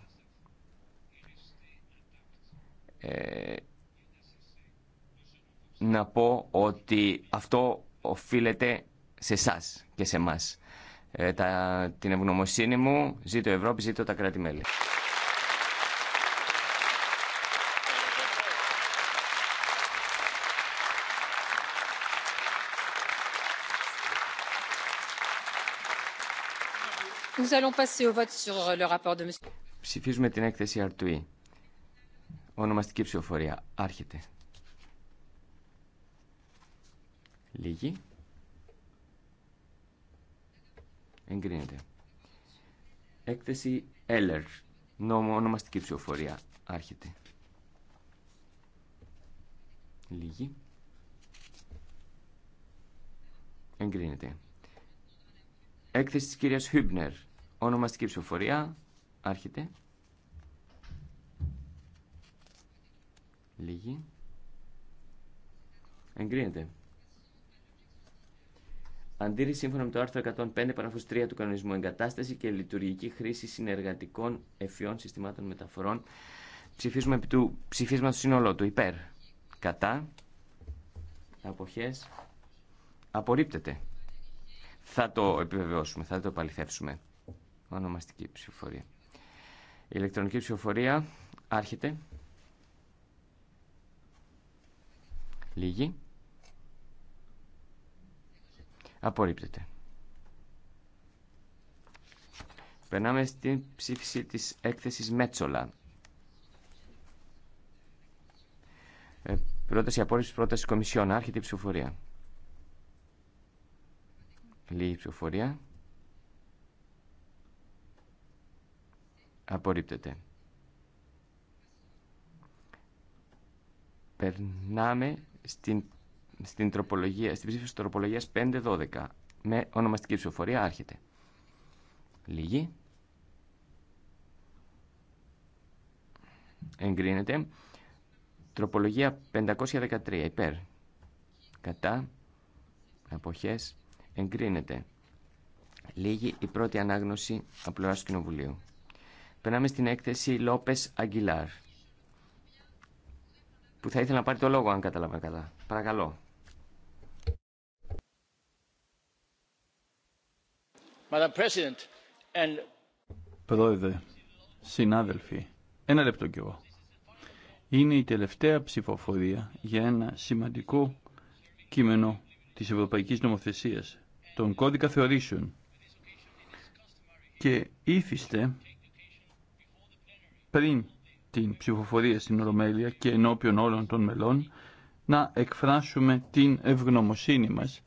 ε, να πω ότι αυτό οφείλεται σε εσά και σε μας. Ε, τα, την ευγνωμοσύνη μου. Ζήτω Ευρώπη, ζήτω τα κράτη-μέλη. Ψηφίζουμε την έκθεση Αρτουή. Ονομαστική ψηφοφορία. Άρχεται. Λίγη. Εγκρίνεται. Έκθεση Eller. Νόμο ονομαστική ψηφοφορία. Άρχεται. Λίγη. Εγκρίνεται. Έκθεση της κυρίας Χούμπνερ. Ονομαστική ψηφοφορία. Άρχεται. Λίγη. Εγκρίνεται. Αντίρρηση σύμφωνα με το άρθρο 105 παράγραφος 3 του κανονισμού εγκατάσταση και λειτουργική χρήση συνεργατικών εφιών συστημάτων μεταφορών. Ψηφίζουμε επί του ψηφίσμα στο σύνολό του. Υπέρ. Κατά. Αποχές. Απορρίπτεται. Θα το επιβεβαιώσουμε, θα το επαληθεύσουμε. Ονομαστική ψηφοφορία. Η ηλεκτρονική ψηφοφορία άρχεται. Λίγη. Απορρίπτεται. Περνάμε στην ψήφιση της έκθεσης Μέτσολα. Ε, πρόταση απόρριψης πρόταση Κομισιόν. Άρχεται η ψηφοφορία. Λίγη ψηφοφορία. Απορρίπτεται. Περνάμε στην στην, τροπολογία, στην ψήφιση τροπολογίας 5-12 με ονομαστική ψηφοφορία άρχεται. Λίγη. Εγκρίνεται. Τροπολογία 513 υπέρ. Κατά. Αποχές. Εγκρίνεται. Λίγη η πρώτη ανάγνωση από του Κοινοβουλίου. Περνάμε στην έκθεση Λόπες Αγγιλάρ. Που θα ήθελα να πάρει το λόγο αν καταλαβαίνω καλά. Παρακαλώ. Πρόεδρε, συνάδελφοι, ένα λεπτό κι εγώ. Είναι η τελευταία ψηφοφορία για ένα σημαντικό κείμενο της Ευρωπαϊκής Νομοθεσίας, τον κώδικα θεωρήσεων. Και ήθιστε πριν την ψηφοφορία στην Ορομέλεια και ενώπιον όλων των μελών να εκφράσουμε την ευγνωμοσύνη μας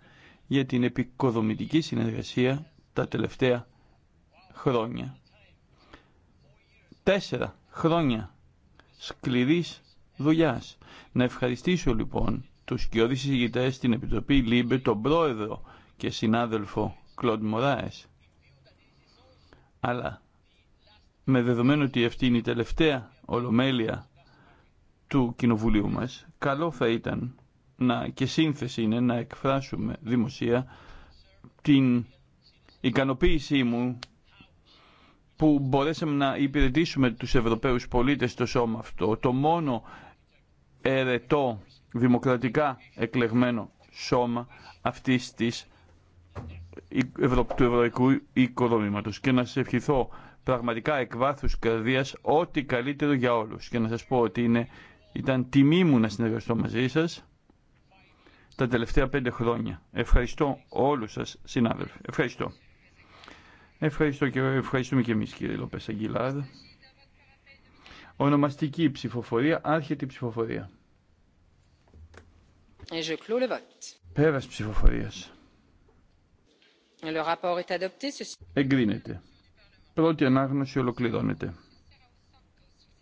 για την επικοδομητική συνεργασία τα τελευταία χρόνια. Τέσσερα χρόνια σκληρής δουλειάς. Να ευχαριστήσω λοιπόν τους κοιόδης συζητητές στην Επιτροπή ΛΥΜΠΕ, τον πρόεδρο και συνάδελφο Κλοντ Μωράες. Αλλά με δεδομένο ότι αυτή είναι η τελευταία ολομέλεια του Κοινοβουλίου μας, καλό θα ήταν να, και σύνθεση είναι να εκφράσουμε δημοσία την η ικανοποίησή μου που μπορέσαμε να υπηρετήσουμε τους Ευρωπαίους πολίτες στο σώμα αυτό, το μόνο ερετό δημοκρατικά εκλεγμένο σώμα αυτής της του ευρωπαϊκού οικοδομήματος και να σας ευχηθώ πραγματικά εκ βάθους καρδίας ό,τι καλύτερο για όλους και να σας πω ότι είναι, ήταν τιμή μου να συνεργαστώ μαζί σας τα τελευταία πέντε χρόνια. Ευχαριστώ όλους σας συνάδελφοι. Ευχαριστώ. Ευχαριστώ και ευχαριστούμε και εμείς κύριε Λόπες Αγγιλάρ. Ονομαστική ψηφοφορία, άρχεται η ψηφοφορία. Πέρας ψηφοφορίας. Εγκρίνεται. Πρώτη ανάγνωση ολοκληρώνεται.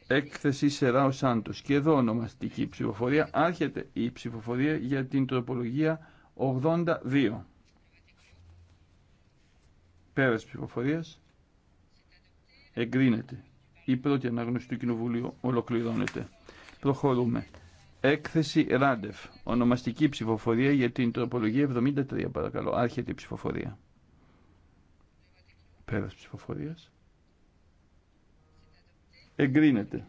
Έκθεση Σεράο Σάντο. Και εδώ ονομαστική ψηφοφορία. Άρχεται η ψηφοφορία για την τροπολογία 82. Πέρας ψηφοφορίας. Εγκρίνεται. Η πρώτη ανάγνωση του Κοινοβουλίου ολοκληρώνεται. Προχωρούμε. Έκθεση Ράντεφ. Ονομαστική ψηφοφορία για την τροπολογία 73 παρακαλώ. Άρχεται η ψηφοφορία. Πέρας ψηφοφορίας. Εγκρίνεται.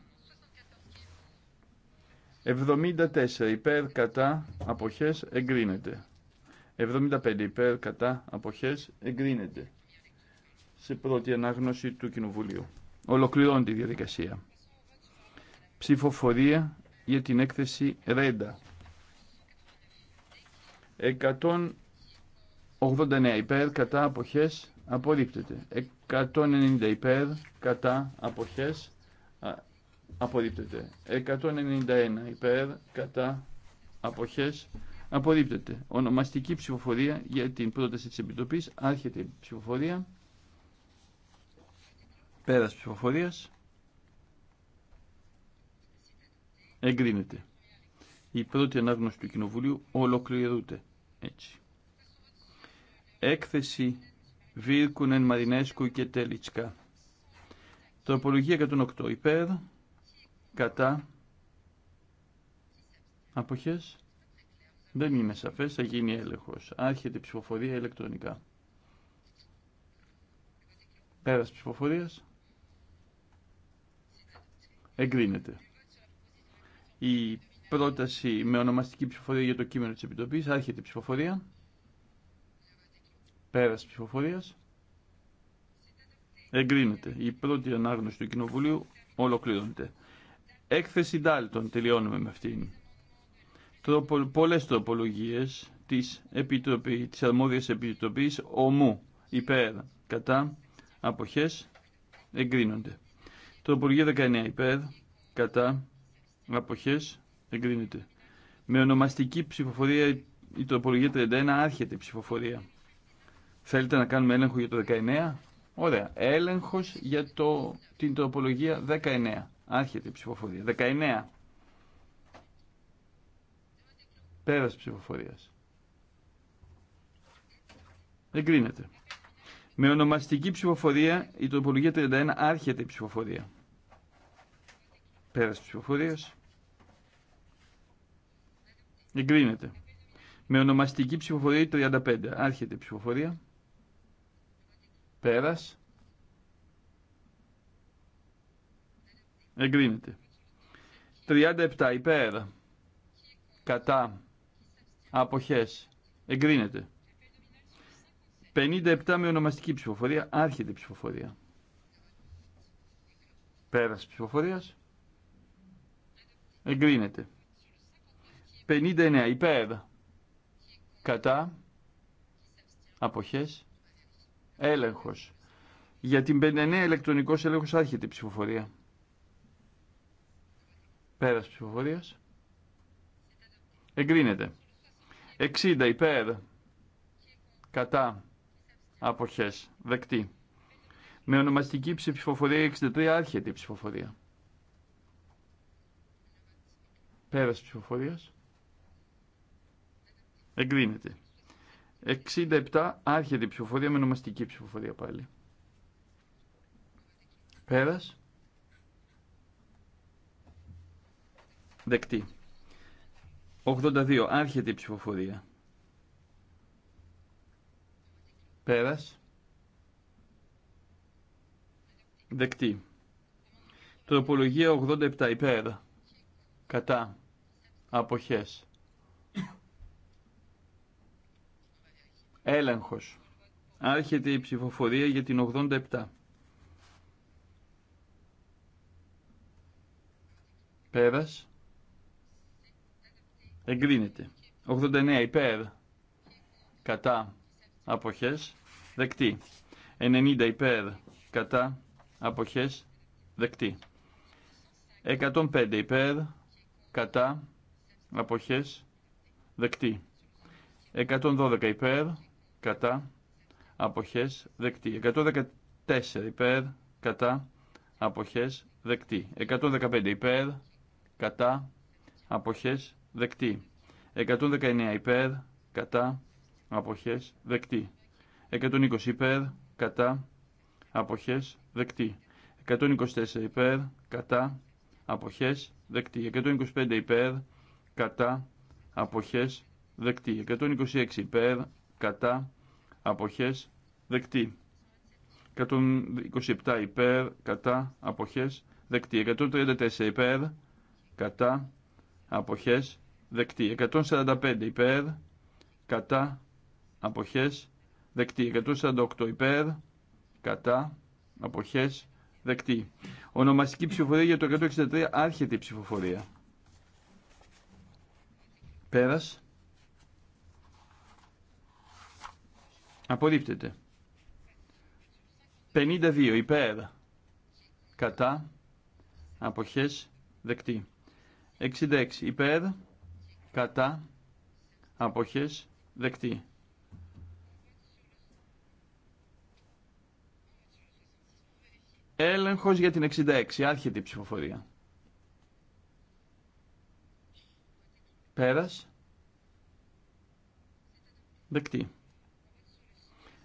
74 υπέρ κατά αποχές εγκρίνεται. 75 υπέρ κατά αποχές εγκρίνεται σε πρώτη ανάγνωση του Κοινοβουλίου. Ολοκληρώνει τη διαδικασία. Ψηφοφορία για την έκθεση Ρέντα. 189 υπέρ κατά αποχές απορρίπτεται. 190 υπέρ κατά αποχές απορρίπτεται. 191 υπέρ κατά αποχές απορρίπτεται. Ονομαστική ψηφοφορία για την πρόταση της Επιτροπής. Άρχεται η ψηφοφορία. Πέρας ψηφοφορίας. Εγκρίνεται. Η πρώτη ανάγνωση του Κοινοβουλίου ολοκληρούται έτσι. Έκθεση Βίρκουνεν Μαρινέσκου και Τελιτσκα. Τροπολογία 108 υπέρ, κατά, αποχές. Δεν είναι σαφές, θα γίνει έλεγχος. Άρχεται η ψηφοφορία ηλεκτρονικά. Πέρας ψηφοφορίας. Εγκρίνεται. Η πρόταση με ονομαστική ψηφοφορία για το κείμενο της Επιτροπής. Άρχεται ψηφοφορία. Πέρας ψηφοφορίας. Εγκρίνεται. Η πρώτη ανάγνωση του Κοινοβουλίου ολοκληρώνεται. Έκθεση Ντάλτον. Τελειώνουμε με αυτήν. Τροπο, πολλές τροπολογίες της, Επιτροπή, της αρμόδιας Επιτροπής ομού υπέρ κατά αποχές εγκρίνονται. Τροπολογία 19 υπέρ, κατά, αποχές, εγκρίνεται. Με ονομαστική ψηφοφορία η τροπολογία 31 άρχεται η ψηφοφορία. Θέλετε να κάνουμε έλεγχο για το 19. Ωραία. Έλεγχος για το, την τοπολογία 19. Άρχεται η ψηφοφορία. 19. Πέρας ψηφοφορίας. Εγκρίνεται. Με ονομαστική ψηφοφορία η τροπολογία 31 άρχεται η ψηφοφορία. Πέρας ψηφοφορίας. Εγκρίνεται. Με ονομαστική ψηφοφορία 35. Άρχεται η ψηφοφορία. Πέρας. Εγκρίνεται. 37 υπέρ. Κατά. Αποχές. Εγκρίνεται. 57 με ονομαστική ψηφοφορία, άρχεται η ψηφοφορία. Πέρας ψηφοφορίας. Εγκρίνεται. 59 υπέρ. Κατά. Αποχές. Έλεγχος. Για την 59 ηλεκτρονικός έλεγχος άρχεται η ψηφοφορία. Πέρας ψηφοφορίας. Εγκρίνεται. 60 υπέρ. Κατά αποχές, δεκτή. Με ονομαστική ψηφοφορία 63 άρχεται η ψηφοφορία. Πέρας ψηφοφορίας. Εγκρίνεται. 67 άρχεται η ψηφοφορία με ονομαστική ψηφοφορία πάλι. Πέρας. Δεκτή. 82 άρχεται η ψηφοφορία. Πέρας. Δεκτή. Τροπολογία 87 υπέρ. Κατά. Αποχές. Έλεγχος. Άρχεται η ψηφοφορία για την 87. Πέρας. Εγκρίνεται. 89 υπέρ. Κατά αποχές δεκτή. 90 υπέρ κατά αποχές δεκτή. 105 υπέρ κατά αποχές δεκτή. 112 υπέρ κατά αποχές δεκτή. 114 υπέρ κατά αποχές δεκτή. 115 υπέρ κατά αποχές δεκτή. 119 υπέρ κατά αποχές δεκτή. 120 υπέρ κατά αποχές δεκτή. 124 υπέρ κατά αποχές δεκτή. 125 υπέρ κατά αποχές δεκτή. 126 υπέρ κατά αποχές δεκτή. 127 υπέρ κατά αποχές δεκτή. 134 υπέρ κατά αποχές δεκτή. 145 υπέρ κατά αποχές δεκτή. 148 υπέρ, κατά, αποχές δεκτή. Ονομαστική ψηφοφορία για το 163 άρχεται η ψηφοφορία. Πέρας. Απορρίπτεται. 52 υπέρ, κατά, αποχές δεκτή. 66 υπέρ, κατά, αποχές δεκτή. Έλεγχος για την 66. Άρχεται η ψηφοφορία. Πέρας. Δεκτή.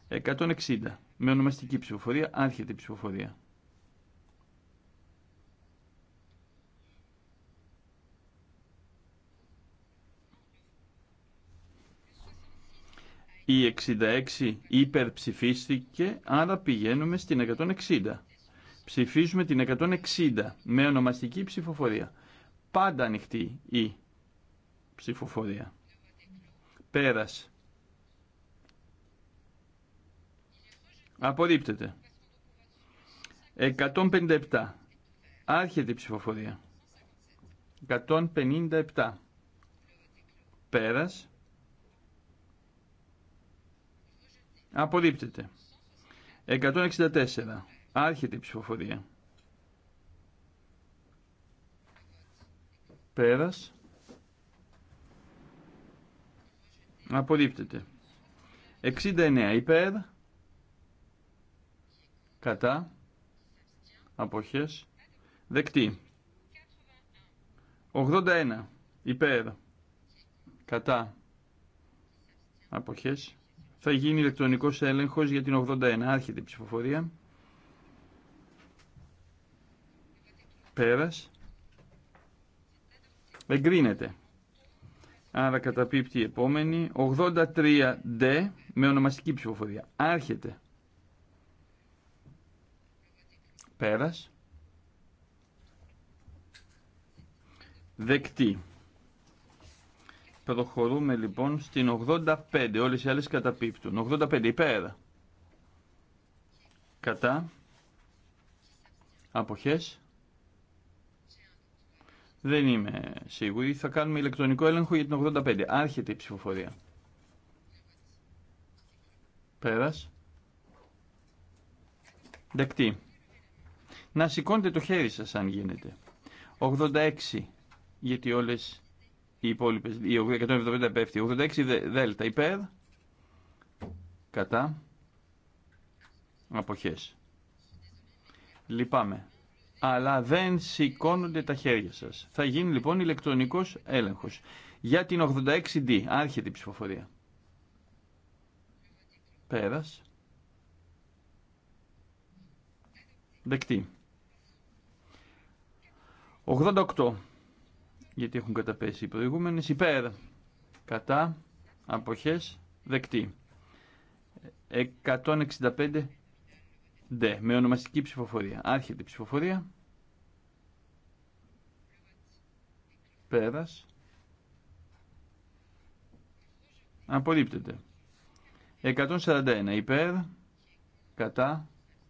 160. Με ονομαστική ψηφοφορία. Άρχεται η ψηφοφορία. Η 66 υπερψηφίστηκε, άρα πηγαίνουμε στην 160. Ψηφίζουμε την 160 με ονομαστική ψηφοφορία. Πάντα ανοιχτή η ψηφοφορία. Πέρας. Απορρίπτεται. 157. Άρχεται η ψηφοφορία. 157. Πέρας. Απορρίπτεται. 164. Άρχεται η ψηφοφορία. Πέρας. Απορρίπτεται. 69 υπέρ. Κατά. Αποχές. Δεκτή. 81 υπέρ. Κατά. Αποχές. Θα γίνει ηλεκτρονικός έλεγχος για την 81. Άρχεται η ψηφοφορία. Πέρας. Εγκρίνεται. Άρα καταπίπτει η επόμενη. 83D με ονομαστική ψηφοφορία. Άρχεται. Πέρας. Δεκτή. Προχωρούμε λοιπόν στην 85. Όλες οι άλλες καταπίπτουν. 85 υπέρ. Κατά. Αποχές. Δεν είμαι σίγουρη. Θα κάνουμε ηλεκτρονικό έλεγχο για την 85. Άρχεται η ψηφοφορία. Πέρας. Δεκτή. Να σηκώνετε το χέρι σας αν γίνεται. 86. Γιατί όλες οι υπόλοιπες, η 175 πέφτει. 86 δέλτα υπέρ. Κατά. Αποχές. Λυπάμαι αλλά δεν σηκώνονται τα χέρια σας. Θα γίνει λοιπόν ηλεκτρονικός έλεγχος. Για την 86D, άρχεται η ψηφοφορία. Πέρας. Δεκτή. 88. Γιατί έχουν καταπέσει οι προηγούμενες. Υπέρ. Κατά. Αποχές. Δεκτή. 165 Δε. Ναι, με ονομαστική ψηφοφορία. Άρχεται η ψηφοφορία. Πέρας. Απορρίπτεται. 141 υπέρ, κατά,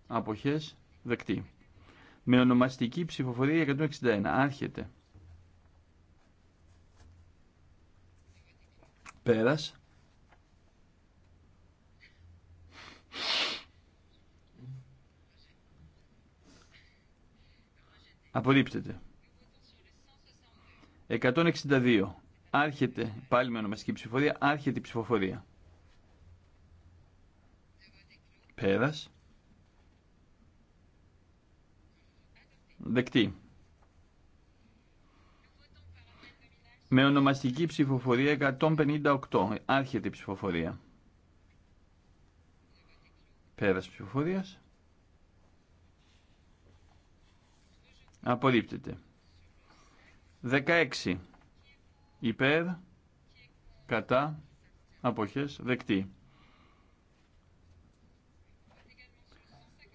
αποχές, δεκτή. Με ονομαστική ψηφοφορία 161. Άρχεται. Πέρας. Απορρίπτεται. 162. Άρχεται πάλι με ονομαστική ψηφοφορία. Άρχεται η ψηφοφορία. Πέρας. Δεκτή. Με ονομαστική ψηφοφορία 158. Άρχεται η ψηφοφορία. Πέρας ψηφοφορίας. Απορρίπτεται. 16. Υπέρ, κατά, αποχές, δεκτή.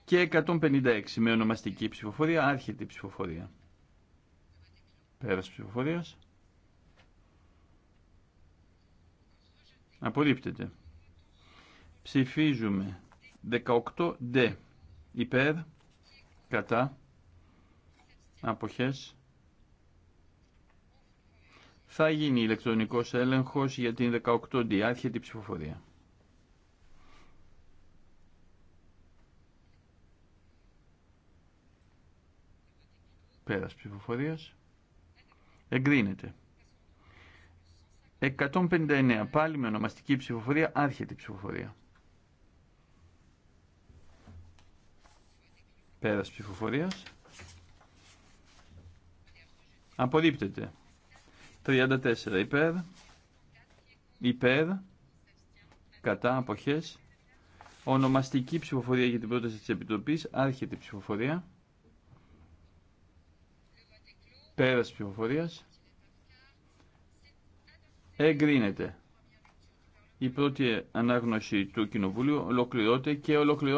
Και 156 με ονομαστική ψηφοφορία, άρχεται η ψηφοφορία. Πέρας ψηφοφορίας. Απορρίπτεται. Ψηφίζουμε Δε. υπέρ, κατά, αποχές θα γίνει ηλεκτρονικός έλεγχος για την 18η άρχεται η ψηφοφορία. Πέρας ψηφοφορίας. Εγκρίνεται. 159. Πάλι με ονομαστική ψηφοφορία άρχεται ψηφοφορία. Πέρας ψηφοφορια περας ψηφοφοριας Απορρίπτεται. 34 υπέρ. Υπέρ. Κατά αποχές. Ονομαστική ψηφοφορία για την πρόταση της Επιτροπής. Άρχεται η ψηφοφορία. Πέρας ψηφοφορίας. Εγκρίνεται. Η πρώτη ανάγνωση του Κοινοβουλίου ολοκληρώνεται και ολοκληρώνεται.